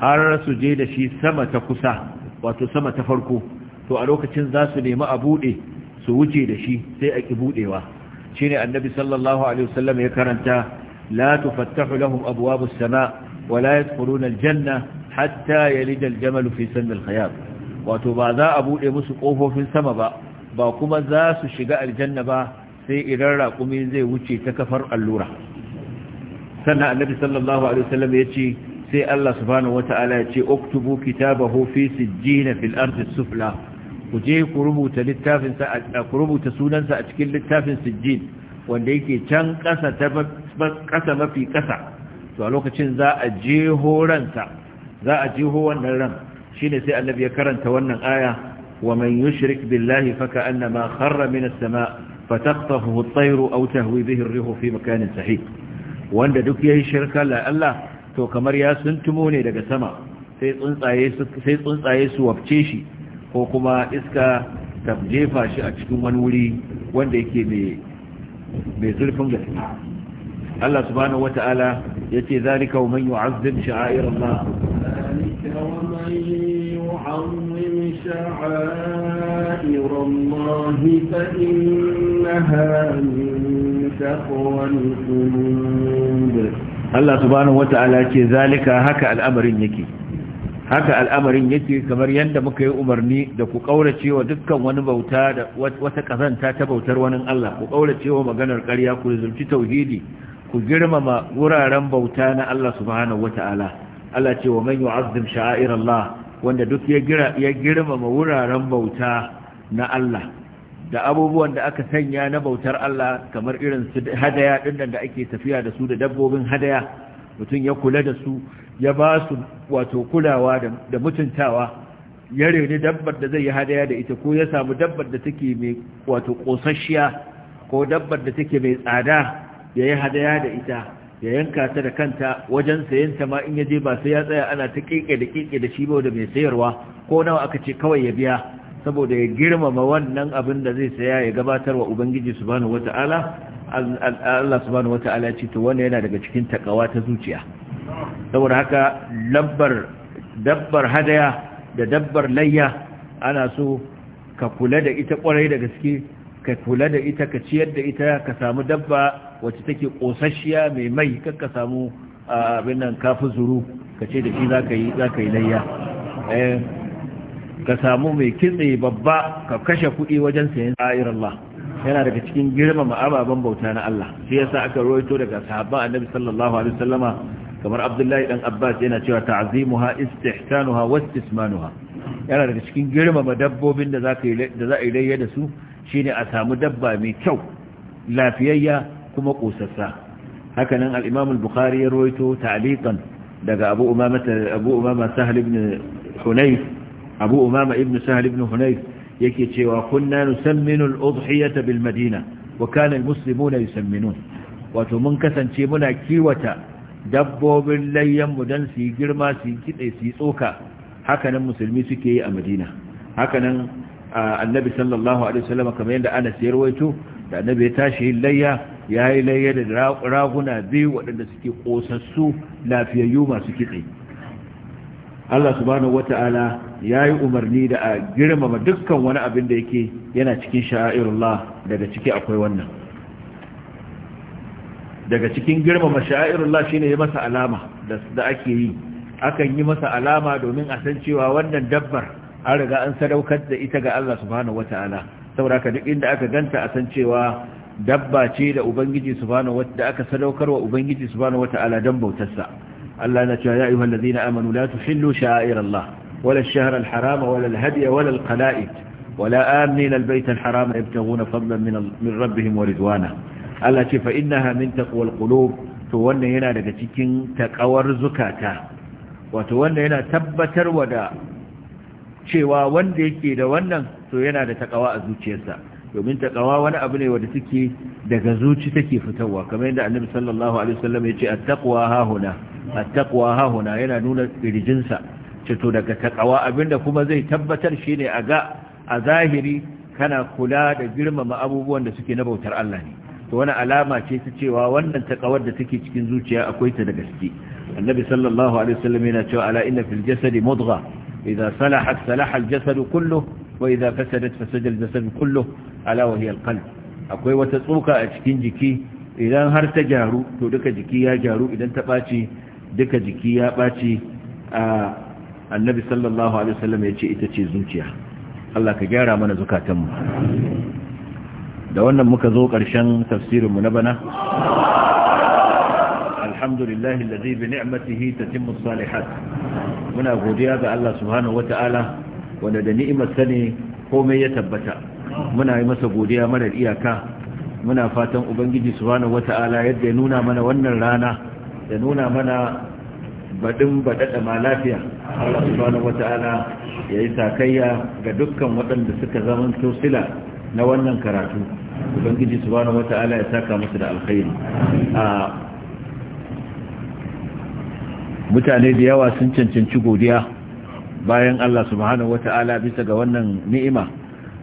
har su je da shi sama ta kusa wato sama ta farko to a lokacin za su nemi a buɗe su wuce da shi sai a ki buɗewa shi ne annabi sallallahu alaihi wasallam ya karanta la tufattahu lahum abwabus sama wa la yadkhuluna aljanna hatta yalida aljamal fi sann alkhayat wato ba za a buɗe musu kofofin sama ba ba kuma za su shiga aljanna ba sai idan raƙumi zai wuce ta kafar allura sannan annabi sallallahu alaihi wasallam ya ce sai Allah subhanahu wata'ala ya ce uktubu kitabahu fi Sijjina fil ardi sufla ku je ku rubuta littafin sa ku rubuta sunansa a cikin littafin sijjin wanda yake can ƙasa ta mafi ƙasa to a lokacin za a jeho za a wannan ran shine sai annabi ya karanta wannan aya wa man yushrik billahi faka annama kharra min as-sama' fataqtahu at-tayru aw tahwi bihi ar-rihu fi makanin sahih wanda duk yayi shirka la Allah to kamar ya suntumo ne daga sama sai tsuntsaye sai tsuntsaye su wafce shi ko kuma iska ta jefa shi a cikin wani wuri wanda yake mai mai zurfin gaske Allah subhanahu wata'ala yace zalika wa man yu'azzim sha'air ومن يعظم شعائر الله فإنها من تقوى القلوب Allah subhanahu wata'ala ce zalika haka al'amarin yake haka kamar yadda muka yi umarni da ku kaurace dukkan wani bauta da wata kazanta ta bautar wani Allah ku kaurace wa maganar karya ku zulci tauhidi ku girmama wuraren bauta na Allah subhanahu wata'ala Allah ce wa man yu'azzim sha'airallah wanda duk ya girmama wuraren bauta na Allah da abubuwan da aka sanya na bautar Allah kamar irin su hadaya din da ake tafiya da su da dabbobin hadaya mutum ya kula da su ya ba su wato kulawa da mutuntawa ya reni dabbar da zai yi hadaya da ita ko ya samu dabbar da take mai wato kosasshiya ko dabbar da take mai tsada ya yi hadaya da ita ya yanka ta da kanta wajen sayanta ma in ya je ba sai ya tsaya ana ta kike da kike da shi da mai sayarwa ko nawa aka ce kawai ya biya saboda ya girmama wannan abin da zai saya ya gabatar wa ubangiji subhanahu wata'ala Allah subhanahu wata'ala ya ce to wannan yana daga cikin takawa ta zuciya saboda haka labbar dabbar hadaya da dabbar layya ana so ka kula da ita kwarai da gaske ka kula da ita ka ciyar da ita ka samu dabba wacce take kosasshiya mai mai kar ka samu abin nan kafi zuru ka ce da shi za yi layya eh, ka samu mai kitse babba ka kashe kuɗi wajen sayan sa'ir Allah yana daga cikin girmama ababen bauta na Allah shi yasa aka rawaito daga sahabban annabi sallallahu alaihi wasallama kamar Abdullahi dan Abbas yana cewa ta'zimuha istihsanuha wastismanuha yana daga cikin girmama dabbobin da za ka yi da za a yi da su shine a samu dabba mai kyau lafiyayya kuma ƙusassa hakanan al bukari bukhari ya roito ta'liqan daga Abu Umama Abu Sahl ibn Hunayf Abu Umama ibn ibn yake cewa kunna nusamminu udhiyata bil Madina wa kana al yusamminun wato mun kasance muna kiwata dabbobin layyan mu dan su girma su kitse su tsoka hakanan musulmi suke yi a Madina hakanan annabi sallallahu alaihi wasallam kamar yadda ana sayar waito da annabi ya tashi yin layya ya yi layya da raguna biyu waɗanda suke ƙosassu lafiyayyu masu kitse Allah subhanahu wata'ala ya yi umarni da a girmama dukkan wani abin da yake yana cikin sha'irullah daga ciki akwai wannan daga cikin girmama sha'irullah shine ya masa alama da ake yi akan yi masa alama domin a san cewa wannan dabbar an riga an sadaukar da ita ga Allah subhanahu wata'ala saboda duk inda aka ganta a san cewa dabba ce da ubangiji subhanahu aka sadaukar wa ubangiji subhanahu wata'ala dan bautarsa Allah na cewa ya ayyuhal ladina amanu la tuhillu sha'airallah wala ash-shahra al-harama wala al-hadiya wala al-qala'id ولا آمنين البيت الحرام يبتغون فضلا من من ربهم ورضوانا Allah ce fa innaha min taqwal qulub to wannan yana daga cikin takawar zukata wato wannan yana wa da cewa wanda yake da wannan to yana da takawa a zuciyarsa domin takawa wani abu ne wanda take daga zuci take fitowa kamar yadda annabi sallallahu alaihi wasallam ya ce at-taqwa hahuna at-taqwa hahuna yana nuna kirjinsa ce to daga takawa abinda kuma zai tabbatar shine a ga a zahiri kana kula da girmama abubuwan da suke na bautar Allah ne to wani alama ce ta cewa wannan takawar da take cikin zuciya akwai ta da gaske annabi sallallahu alaihi wasallam yana cewa ala inna fil jasadi mudgha إذا صلحت صلح الجسد كله وإذا فسدت فسد akwai wata tsoka a cikin jiki idan har ta jaru to duka jiki ya jaru idan ta ɓaci duka jiki ya ɓaci annabi ya ce ita ce zuciya Allah ka gyara mana zukatanmu da wannan muka zo ƙarshen tafsirinmu na bana alhamdulillahi allazi bi ni'matihi tatimmu salihat muna godiya ga Allah subhanahu wata'ala wanda da ni'imar ne komai ya tabbata muna yi masa godiya mara iyaka muna fatan ubangiji subhanahu wata'ala yadda ya nuna mana wannan rana ya nuna mana baɗin baɗaɗa ma lafiya Allah subhanahu wata'ala ya yi takayya ga dukkan waɗanda suka zama tosila na wannan karatu ubangiji subhanahu wata'ala ya saka musu da alkhairi ah, mutane da yawa sun cancanci godiya bayan Allah subhanahu wata'ala bisa ga wannan ni'ima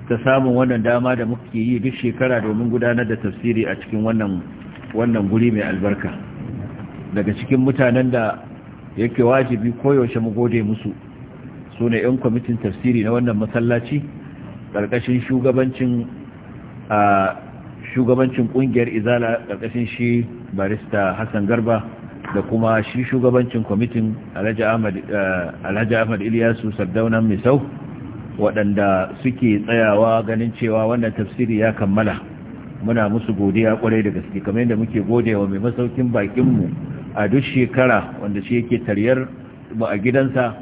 ta samun wannan dama da muke yi duk shekara domin gudanar da tafsiri a cikin wannan wannan guri mai albarka daga cikin mutanen da yake wajibi koyaushe mu gode musu sune 'yan kwamitin tafsiri na wannan masallaci karkashin shugabancin shugabancin ƙungiyar izala karkashin shi barista hassan garba da kuma shi shugabancin kwamitin alhaji ahmad eh, iliyasu sardaunan misau waɗanda suke tsayawa ganin cewa wannan tafsiri ya kammala muna musu godiya kwarai da gaske kamar yadda muke gode wa mai masaukin bakinmu a duk shekara wanda shi yake taryar mu a gidansa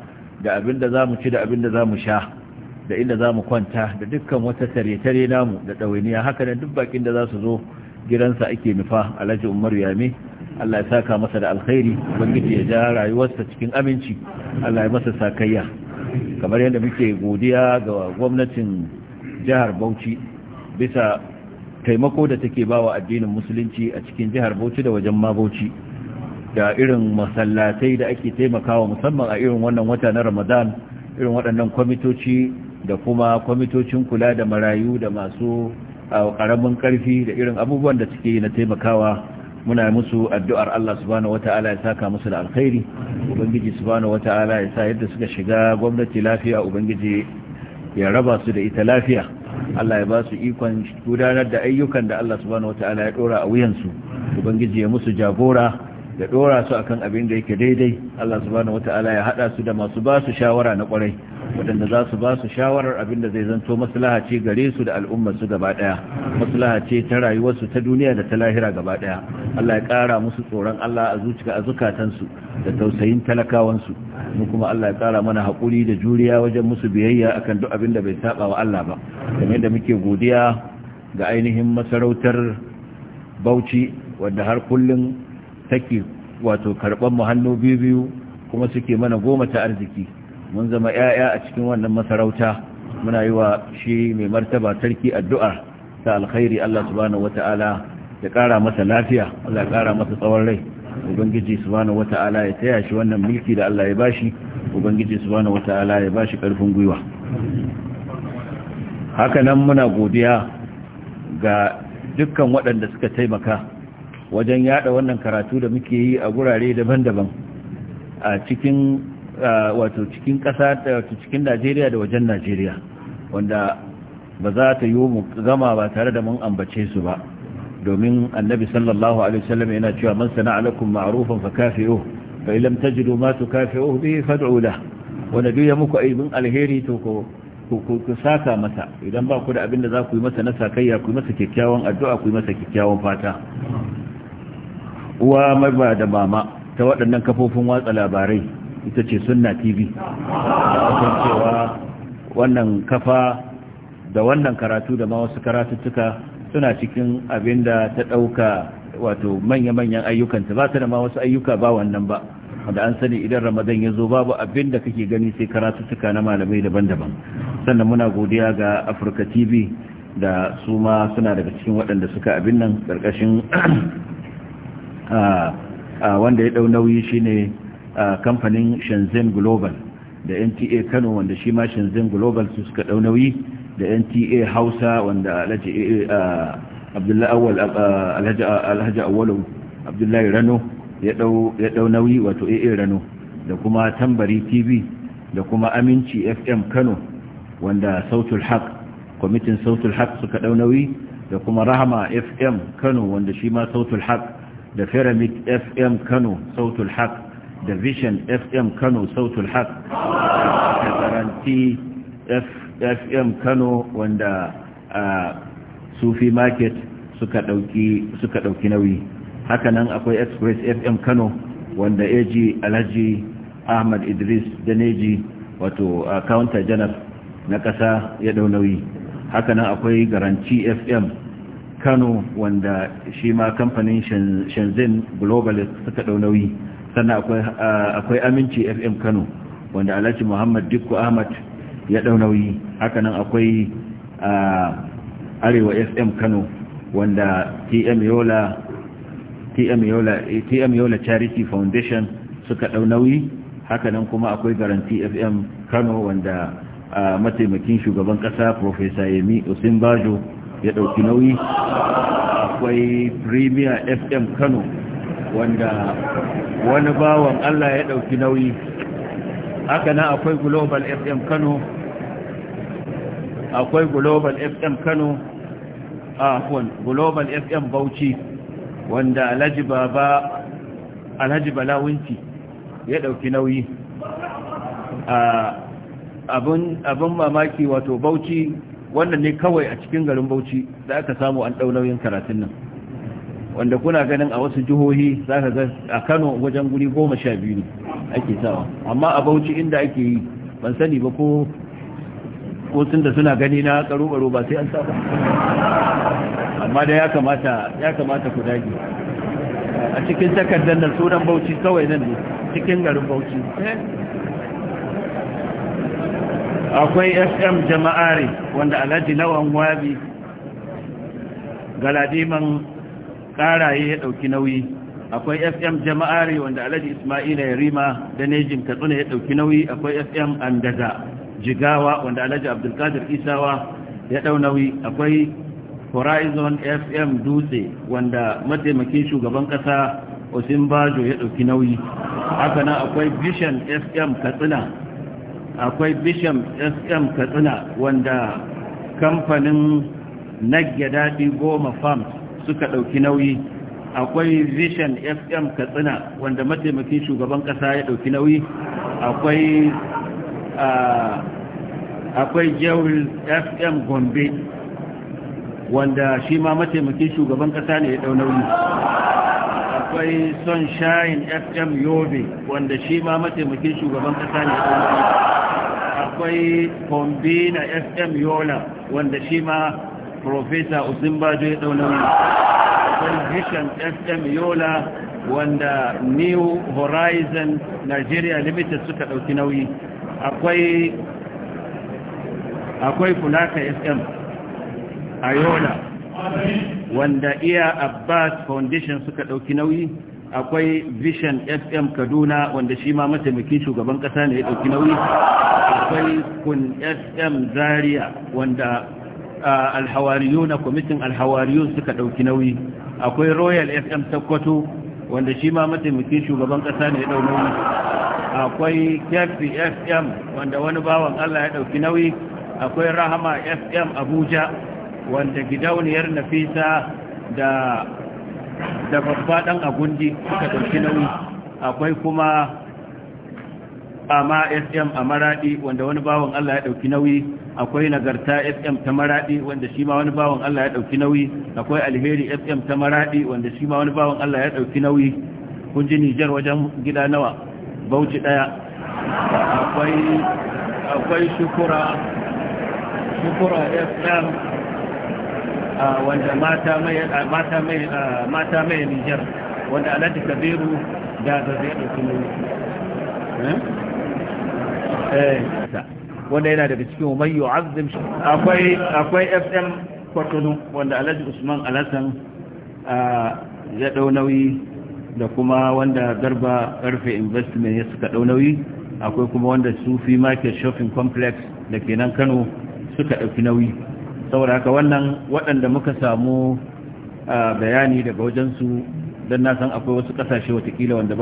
da abin da za mu ci da abin da za mu sha da inda za mu kwanta da dukkan wata tare-tare namu da ɗawainiya haka da duk bakin da za su zo gidansa ake nufa alhaji umaru yami Allah ya saka masa da alkhairi ubangiji ya ja rayuwarsa cikin aminci Allah ya masa sakayya kamar yadda muke godiya ga gwamnatin jihar Bauchi bisa taimako da take bawa addinin musulunci a cikin jihar Bauchi da wajen ma Bauchi da irin masallatai da ake taimakawa musamman a irin wannan wata na Ramadan irin waɗannan kwamitoci da kuma kwamitocin kula da marayu da masu ƙaramin ƙarfi da irin abubuwan da suke yi na taimakawa muna musu addu'ar Allah subhanahu wata'ala ya saka musu da alkhairi ubangiji subhanahu wata'ala ya sa yadda suka shiga gwamnati lafiya ubangiji ya raba su da ita lafiya Allah ya ba su ikon gudanar da ayyukan da Allah subhanahu wata'ala ya ɗora a wuyansu ubangiji ya musu jagora da dora su akan abin da yake daidai Allah subhanahu wataala ya hada su da masu ba su shawara na kwarai waɗanda za su ba su shawarar abin da zai zanto maslaha ce gare su da al'ummar su gaba daya maslaha ce ta rayuwar su ta duniya da ta lahira gaba daya Allah ya kara musu tsoron Allah a zuciya a zukatan su da tausayin talakawan su mu kuma Allah ya kara mana hakuri da juriya wajen musu biyayya akan duk abin da bai saba wa Allah ba kamar yadda muke godiya ga ainihin masarautar Bauchi wanda har kullum take wato karban mu hannu biyu biyu kuma suke mana goma ta arziki mun zama yaya a cikin wannan masarauta muna yi wa shi mai martaba tarki, addu'a ta alkhairi Allah subhanahu wata'ala ya kara masa lafiya Allah ya kara masa tsawon rai ubangiji subhanahu wata'ala ya taya shi wannan mulki da Allah ya bashi ubangiji subhanahu wata'ala ya bashi karfin gwiwa haka nan muna godiya ga dukkan waɗanda suka taimaka wajen yada wannan karatu da muke yi a gurare daban-daban a cikin wato cikin ƙasa wato cikin Najeriya da wajen Najeriya wanda ba za ta yi mu gama ba tare da mun ambace su ba domin annabi sallallahu alaihi wasallam yana cewa man sana alaikum ma'rufan kafi'u fa illam tajidu ma tukafi'u bi fad'u la wanda duk ya muku aibin alheri to ko ku saka masa idan ba ku da abin da za ku yi masa na sakayya ku yi masa kyakkyawan addu'a ku yi masa kyakkyawan fata uwa ba da mama ta waɗannan kafofin watsa labarai ita ce sunna tv cewa wannan kafa da wannan karatu da ma wasu karatuttuka suna cikin abin da ta ɗauka wato manya-manyan ayyukanta ba ta da ma wasu ayyuka ba wannan ba da an sani idan ramadan ya zo babu abin da kake gani sai karatuttuka na malamai daban-daban sannan muna godiya ga afirka tv da su ma suna daga cikin waɗanda suka abin nan ƙarƙashin wanda ya dau nauyi shine kamfanin Shenzhen Global da NTA Kano wanda shi ma Shenzhen Global su suka dau nauyi da NTA Hausa wanda Alhaji eh, eh, Abdullahi Awwal Alhaji Awwalu Abdullahi Rano ya dau ya dau nauyi wato AA Rano da kuma Tambari TV da kuma Aminci FM Kano wanda Sautul Haq kwamitin Sautul Haq suka dau nauyi da kuma Rahama FM Kano wanda shi ma Sautul Haq da pyramid fm kano sautul haq da vision fm kano sautul haq da karanti fm kano wanda sufi market suka ɗauki nauyi hakanan akwai express fm kano wanda AG alhaji ahmad idris daneji wato counter janar na kasa ya ɗau nauyi hakanan akwai garanti fm kano wanda shi ma kamfanin shenzhen global suka daunawi nauyi sannan akwai aminci fm kano wanda alhaji muhammad dikko ahmad ya daunawi nauyi hakanan akwai arewa fm kano wanda tm yola charity foundation suka daunawi nauyi hakanan kuma akwai garanti fm kano wanda mataimakin shugaban kasa profesa yemi osinbajo ya ɗauki nauyi akwai premier fm kano wanda wani bawan allah ya ɗauki nauyi haka na akwai global fm kano akwai global fm kano a ah, global fm bauchi wanda alhaji baba alhaji balawinci ya ɗauki nauyi ah, abin mamaki wato bauchi wannan ne kawai a cikin garin bauchi da aka samu an ɗau nauyin karatun nan wanda kuna ganin a wasu jihohi za ka ga a kano wajen guri goma sha biyu ne ake sawa amma a bauchi inda ake yi ban sani ba ko sun da suna gani na karo-karo ba sai an saba amma da ya kamata ku dage a cikin takardar nan sunan bauchi kawai nan ne cikin garin bauchi akwai fm jama'ari wanda alhaji lawan wabi galadiman karaye ya dauki nauyi akwai fm jama'ari wanda alhaji ismaila ya rima da nejin katsuna ya dauki nauyi akwai fm andaza jigawa wanda alhaji abdulkadir isawa ya dau nauyi akwai horizon fm dutse wanda mataimakin shugaban kasa osin ya dauki nauyi haka nan akwai vision fm katsina akwai bisham sm katsina wanda kamfanin nagya daɗi goma farm suka ɗauki nauyi akwai vision fm katsina wanda mataimakin shugaban ƙasa ya ɗauki nauyi akwai ah, akwai jewel fm gombe wanda shi ma mataimakin shugaban kasa ne ya dauna wuni. akwai son shayin fm yobe wanda shi ma mataimakin shugaban kasa ne ya akwai kombina fm yola wanda shi ma profesa usimbajo ya wuni. akwai vision fm yola wanda new horizon nigeria limited suka dauki nauyi akwai akwai fulaka fm ayola wanda iya abbas foundation suka ɗauki nauyi akwai vision fm kaduna wanda shi ma mataimakin shugaban ƙasa ne ya ɗauki nauyi akwai kun fm zaria wanda alhawariyu na kwamitin alhawariyu suka ɗauki nauyi akwai royal fm sokoto wanda shi ma mataimakin shugaban ƙasa ne ya ɗau nauyi akwai kyafi fm wanda wani bawan allah ya ɗauki nauyi akwai rahama fm abuja wanda gidauniyar nafisa da da babbaɗan agundi suka ɗauki nauyi akwai kuma ama sm a maraɗi wanda wani bawan allah ya ɗauki nauyi akwai nagarta sm ta maraɗi wanda shi ma wani bawan allah ya ɗauki nauyi akwai alheri sm ta maraɗi wanda shi ma wani bawan allah ya ɗauki nauyi kun ji nijar wajen gida nawa bauchi ɗaya akwai shukura shukura sm wanda mata mai nijar wanda alhaji kabiru da zai ɗauki da wanda yana daga cikin umar yi azim akwai fm kwatano wanda alhaji usman alhassan ya ɗau nauyi da kuma wanda garba ƙarfe investment ya suka ɗau nauyi akwai kuma wanda sufi market shopping complex da ke nan kano suka ɗauki nauyi saboda haka wannan waɗanda muka samu bayani daga wajensu don na san akwai wasu ƙasashe watakila wanda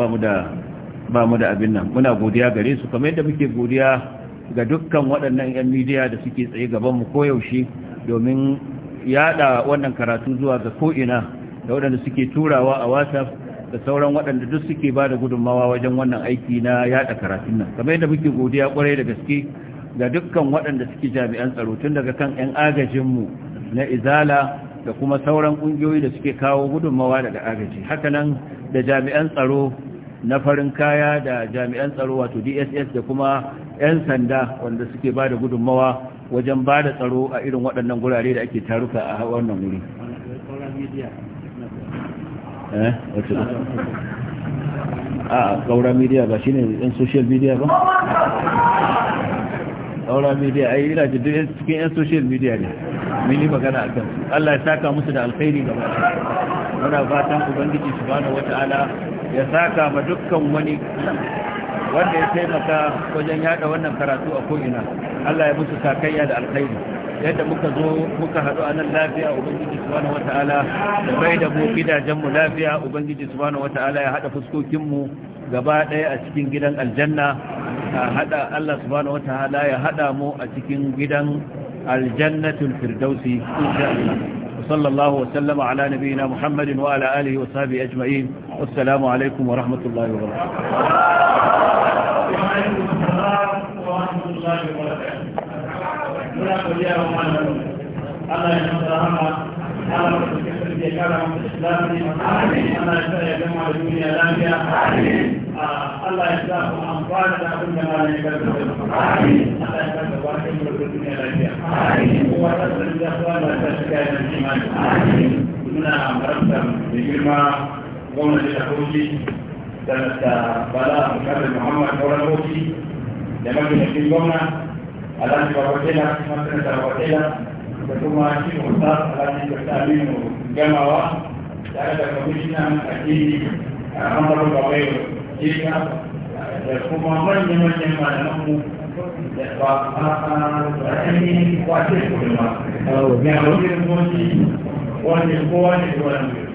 ba mu da abin nan muna godiya gare su kamar yadda muke godiya ga dukkan waɗannan 'yan midiya da suke tsaye gabanmu koyaushe domin yada wannan karatu zuwa ga ko'ina da waɗanda suke turawa a whatsapp da sauran waɗanda duk suke ba da gudunmawa wajen wannan aiki na yada karatun nan kamar yadda muke godiya kwarai da gaske ga dukkan waɗanda suke jami'an tsaro tun daga kan 'yan agajinmu na izala da kuma sauran ƙungiyoyi da suke kawo gudunmawa daga agaji hakanan da jami'an tsaro na farin kaya da jami'an tsaro wato dss da kuma 'yan sanda wanda suke ba da gudunmawa wajen ba da tsaro a irin waɗannan gurare da ake taruka a wannan wuri eh, a ƙaura media ba shine ɗan social media ba saura media ai ina ji duk cikin yan social media ne mun magana a kan Allah ya saka musu da alkhairi gaba muna fatan ubangiji subhanahu wataala ya saka ma dukkan wani wanda ya taimaka wajen yada wannan karatu a ko'ina Allah ya musu sakayya da alkhairi yadda muka zo muka haɗu a nan lafiya ubangiji subhanahu wata'ala da bai da mu gidajen mu lafiya ubangiji subhanahu wata'ala ya haɗa fuskokinmu gaba ɗaya a cikin gidan aljanna a haɗa Allah subhanahu wata'ala ya haɗa mu a cikin gidan aljannatul firdausi insha Allah sallallahu wa sallama ala nabiyyina Muhammadin wa ala alihi wa sahbihi ajma'in assalamu alaikum wa rahmatullahi wa barakatuh muna godiya sa da duniya lafiya da gwamna alaji babatela masana tarabatela da kuma shi mota alaji batalino gamawa tare da kwamishinan addini a hanzarin babayo jirga da kuma manya-manyan malamanmu da ba a ainihin kwace kuma ba ya wajen motsi wani kowa ne wani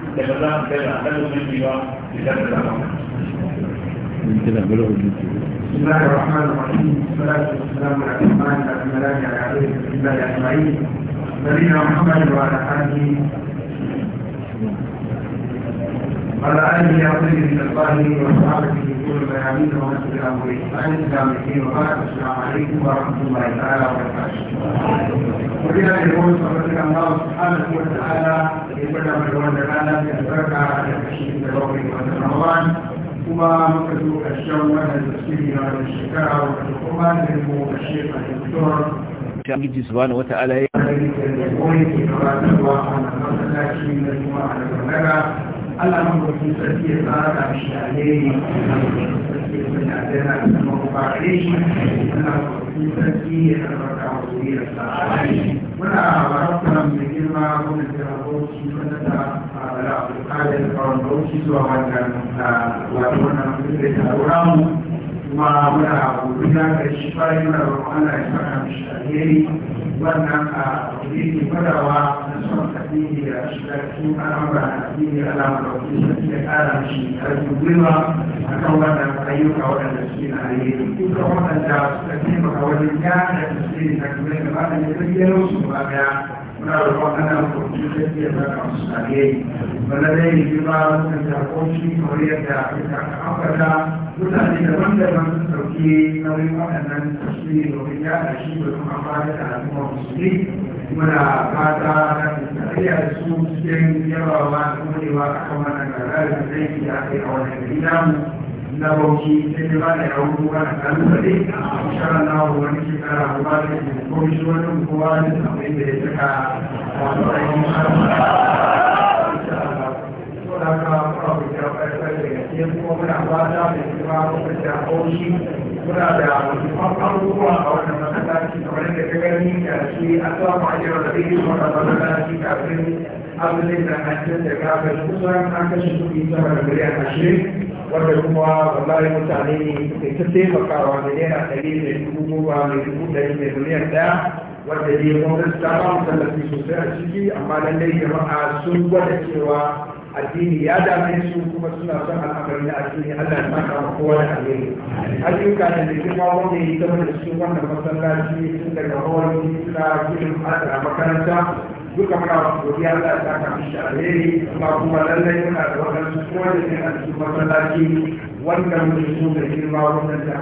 da ba za mu kai بسم الله الرحمن الرحيم والصلاة والسلام على الرحمن الرحيم على خير الله أجمعين نبينا محمد وعلى آله وعلى آله وصحبه من الله وصحابته كل ما يعين ونسل أمره عن الإسلام الدين السلام عليكم ورحمة الله تعالى وبركاته. وبنا يقول صلى الله سبحانه وتعالى يقول من تعالى في البركة على تشريف الوقت رمضان كما مكتوب الشوم التسليم على الشكاء والحكومة من الشيخ الدكتور سبحانه وتعالى يقول ubangiji subhanahu wata'ala ya yi Allah mun gudu sarki ya tsara shi a yayi sarki ya tsaya da yana da a shi Allah mun sarki ya tsarka wa zuriyar sa muna barakuna mai girma wani taraboci wanda ta fara da alƙalin kawai bauchi zuwa wannan ah, wato wannan da ya taru ramu kuma muna godiya da shi bayan muna roƙon Allah ya saka wannan a ah, yake gwadawa na son addini da shiga su al'amura na addini da al'amura wajen sarki da ƙara mishi ƙarfin gwiwa a kan wannan ayyuka waɗanda suke na alheri dukkan waɗanda suka taimaka wajen gane tasiri na kamar da ba da ya bayyana su ba daya muna roƙon ana kurji sarki ya zaka musu alheri wanda zai yi ba wasu jakoki kamar yadda aka ambata mutane daban-daban sun ɗauki waɗannan tasiri domin yaɗa shi da kuma fata da al'ummar musulmi muna fata na tarayya da su cikin yawawa da kuma a kan wannan gagarumin aiki da aka a wannan gari namu na bauchi sai ba da yawo ko ba da kalubale insha Allah wani shekara ko ba da ko shi wani ko ba da abin da ya saka wato ainihin muna da musamman abubuwa a wannan masallaci kamar da ka gani da shi a samu ajiyar da zai yi wannan masallaci kafin abin da ya da kafin kusan an kashe kuɗi sama da miliyan ashirin wanda kuma wallahi mutane ne ke ta taimakawa da yana ɗari mai dubu goma mai dubu ɗari mai miliyan ɗaya wanda ne gwamnati ta ba mu tallafi sosai a ciki amma lallai jama'a sun gwada cewa addini ya dame su kuma suna son al'amari na addini Allah ya maka ma kowa da alheri ayyuka da ke girma wanda ya yi ta da su wannan masallaci tun daga hawan jirgin gudun a makaranta duka muna wasu godiya Allah ta ka mishi alheri amma kuma lallai muna da wadansu da ke a cikin masallaci wanda muke so da girma wannan da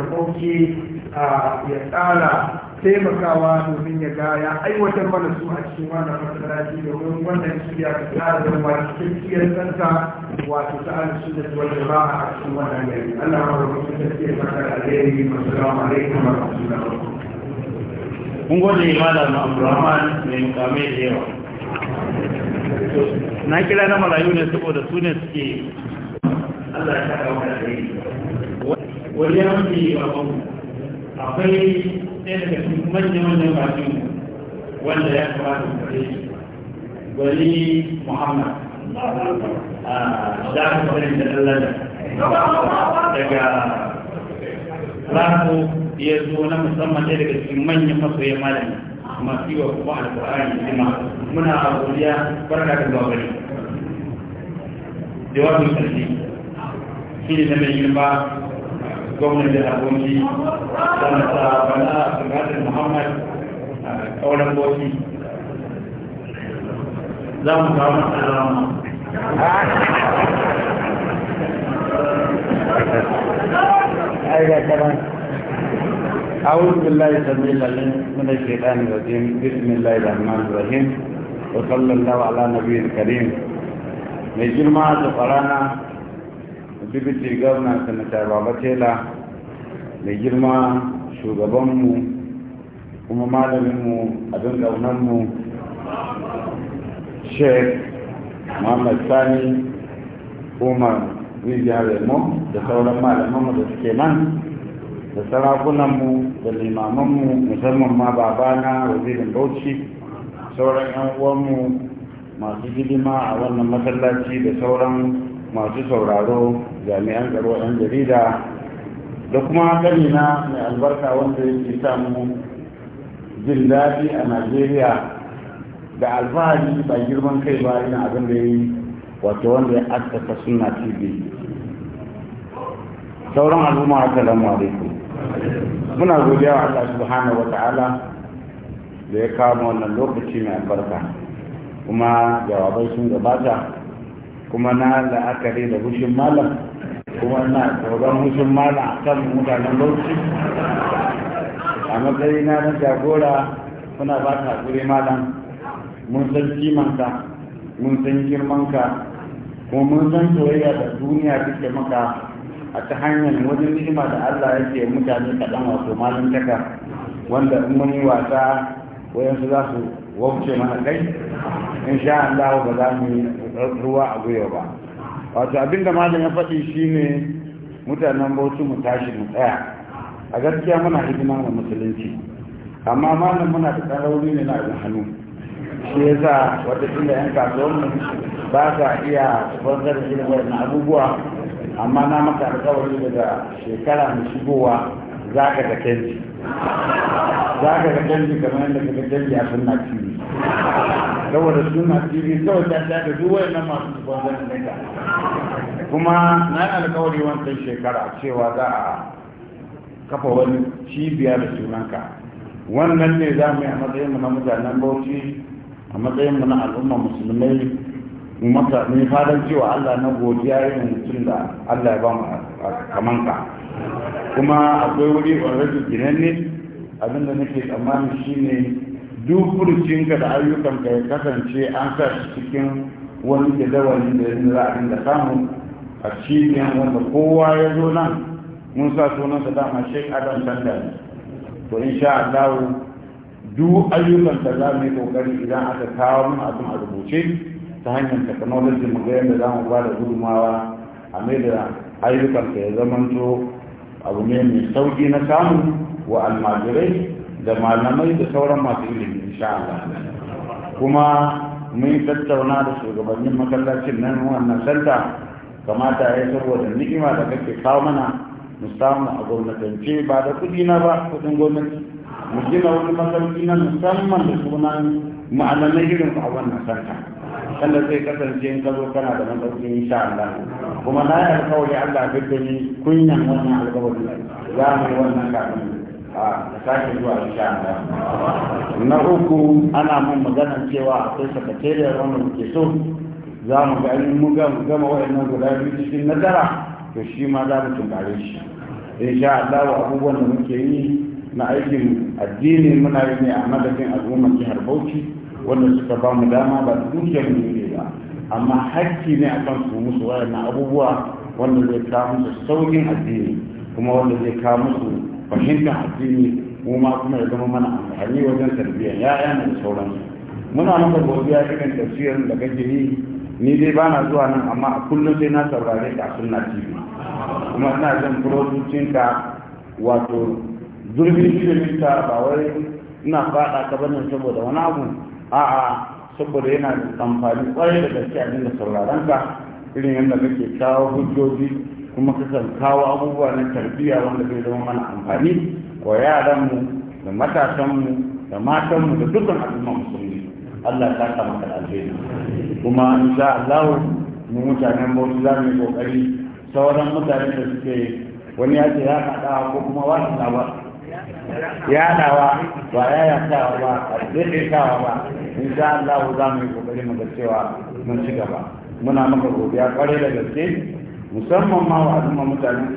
a ya tsara taimakawa domin ya ga ya aiwatar mana su a cikin wannan masallaci domin wannan shirya ta tsara da ma cikin siyasanta wato ta ala su da tuwar jama'a a cikin wannan gari Allah ya rubuta ta ce maka alheri masu rama rai kuma wa barakatuh kun gode malam Abdulrahman mai mukamai da yawa na kira na marayu ne saboda su ne suke Allah ya saka wa ya wajen mafi babban akwai ɗaya daga cikin manya-manyan bakin wanda ya kamata da kare shi gwani Muhammad ah, a da aka da daga rafu ya zo na musamman ɗaya daga cikin manyan masoyan malami masu yi wa kuma alƙur'ani hidima muna godiya barka da zuwa gari jawabin sarki shi ne na mai girma gwamnan jihar bauchi sanata bala abdulkadir muhammad kauran bauchi za mu kawo masa alama Thank أعوذ بالله سبيل من الشيطان الرجيم بسم الله الرحمن الرحيم وصلى الله على النبي الكريم نجي مع القرآن بيبي تي غورنا سنتا بابا تيلا نجي مع شو غبامو وما شيخ محمد ثاني عمر ويجي هذا المهم دخلوا لما لما مدرسكي da sarakunanmu da limamanmu musamman ma babana wazirin bauchi sauran 'yan uwanmu masu hidima a wannan masallaci da sauran masu sauraro jami'an tsaro 'yan jarida da kuma na mai albarka wanda yake samu jin daɗi a najeriya da alfahari ba girman kai ba ina abin da yi wato wanda ya askasa suna tv sauran al'umma assalamu alaikum muna godiya wa Allah subhanahu wa ta'ala da ya kama wannan lokaci mai albarka kuma jawabai sun gabata kuma na la'akari da hushin malam kuma na tsoron hushin malam a kan mutanen lokaci a matsayi na na jagora muna ba ta hakuri malam mun san kimanka mun san girmanka kuma mun san soyayya da duniya duke maka a ta hanyar wajen ni'ima da Allah ya ce mutane kaɗan wato malin taka wanda in mun yi wasa wayansu za su wauce mana kai in sha Allah ba za mu ruwa a guyo ba wato abinda malam ya faɗi shine mutanen bautu mu tashi mu tsaya a gaskiya muna hidima da musulunci amma malam muna da tsarauri ne na abin hannu shi ya sa wata yan mu? ba sa iya kwanzar shi na abubuwa amma na maka alkawari daga shekara mai shigowa za ka ga canji za ka ga canji kamar yadda ka ga canji a sunna tv saboda sunna tv kawai ta ta da duk wayannan masu sponsor ne ka kuma na yi alkawari wancan shekara cewa za a kafa wani cibiya da sunanka wannan ne za mu yi a matsayinmu na mutanen bauchi a matsayinmu na al'umma musulmai masa ni fadan cewa Allah na godiya irin mutum da Allah ya ba mu kaman ka kuma akwai wuri already ginanne abin da nake tsammani shine duk ka da ayyukan ka ya kasance an sa shi cikin wani jadawalin da yanzu za a samu a cikin wanda kowa ya zo nan mun sa sunansa dama shek adam sanda ne to insha Allah duk ayyukan da za mu yi kokari idan aka kawo mun abin a rubuce ta hanyar technology mu ga yadda za mu ba da gudunmawa a mai da ayyukanka ya zamanto abu ne mai sauƙi na samu wa almajirai da malamai da sauran masu ilimi insha Allah kuma mun tattauna da shugabannin masallacin nan wannan santa kamata ya saboda ni'ima da kake kawo mana mu samu a gwamnatance ba da kudi na ba kudin gwamnati mu gina wani masauki na musamman da sunan ma'ananin irin a wannan santa wanda zai kasance in ka zo kana da matsauki insha Allah kuma na yi alkawari Allah duk da ni kunyan wannan alkawari za mu yi wannan kafin a sake zuwa insha Allah na uku ana mun magana cewa akwai sakatariyar wannan ke so za mu ga in mu gama wayannan guda biyu cikin nasara to shi ma za mu tunkare shi insha Allah abubuwan da muke yi na aikin addini muna yi ne a madadin al'ummar jihar Bauchi wanda suka ba mu dama ba dukiyar mu ne ba amma hakki ne akan su musu wayannan abubuwa wanda zai kawo musu saukin addini kuma wanda zai kawo musu fahimtar addini mu ma kuma ya zama mana amfani wajen tarbiyyar ya'ya da sauransu muna maka godiya cikin tafsirin da kake yi ni dai ba na zuwa nan amma a kullum sai na saurare ka sunna tv kuma ina jin ka wato zurfin ilimin ta ba wai ina faɗa ka bane saboda wani abu a'a saboda yana da amfani kwarai da gaske a dinga sauraron ka irin yadda kake kawo hujjoji kuma kakan kawo abubuwa na tarbiyya wanda zai zama mana amfani wa yaranmu da mu da matanmu da dukkan al'umma musulmi Allah ya saka maka alheri kuma insha Allah mu mutanen mu za mu yi kokari sauran mutane da suke wani ya ce ya kada ko kuma wani labar Yaɗawa ba yayatawa ba daidaitawa ba in sha Allah za mu yi kokari mu cewa mun ci gaba muna maka godiya kwarai da gaske musamman ma wa al'umma mutanen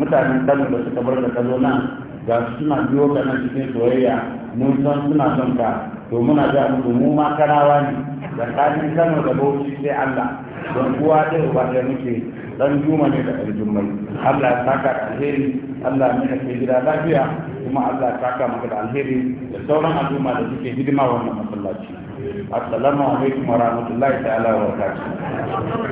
mutanen Kano da suka bar da kazo nan ga suna biyo ka nan cikin soyayya mun san suna son ka to muna ga mu mu ma karawa ne da kan Kano da Bauchi sai Allah don uwa ɗin ba ɗaya muke ɗan juma ne da aljummai Allah ya saka da alheri Allah ya ke gida lafiya kuma Allah ya saka maka da alheri da sauran al'umma da suke hidima wannan masallaci assalamu alaikum wa rahmatullahi ta'ala wa barakatuh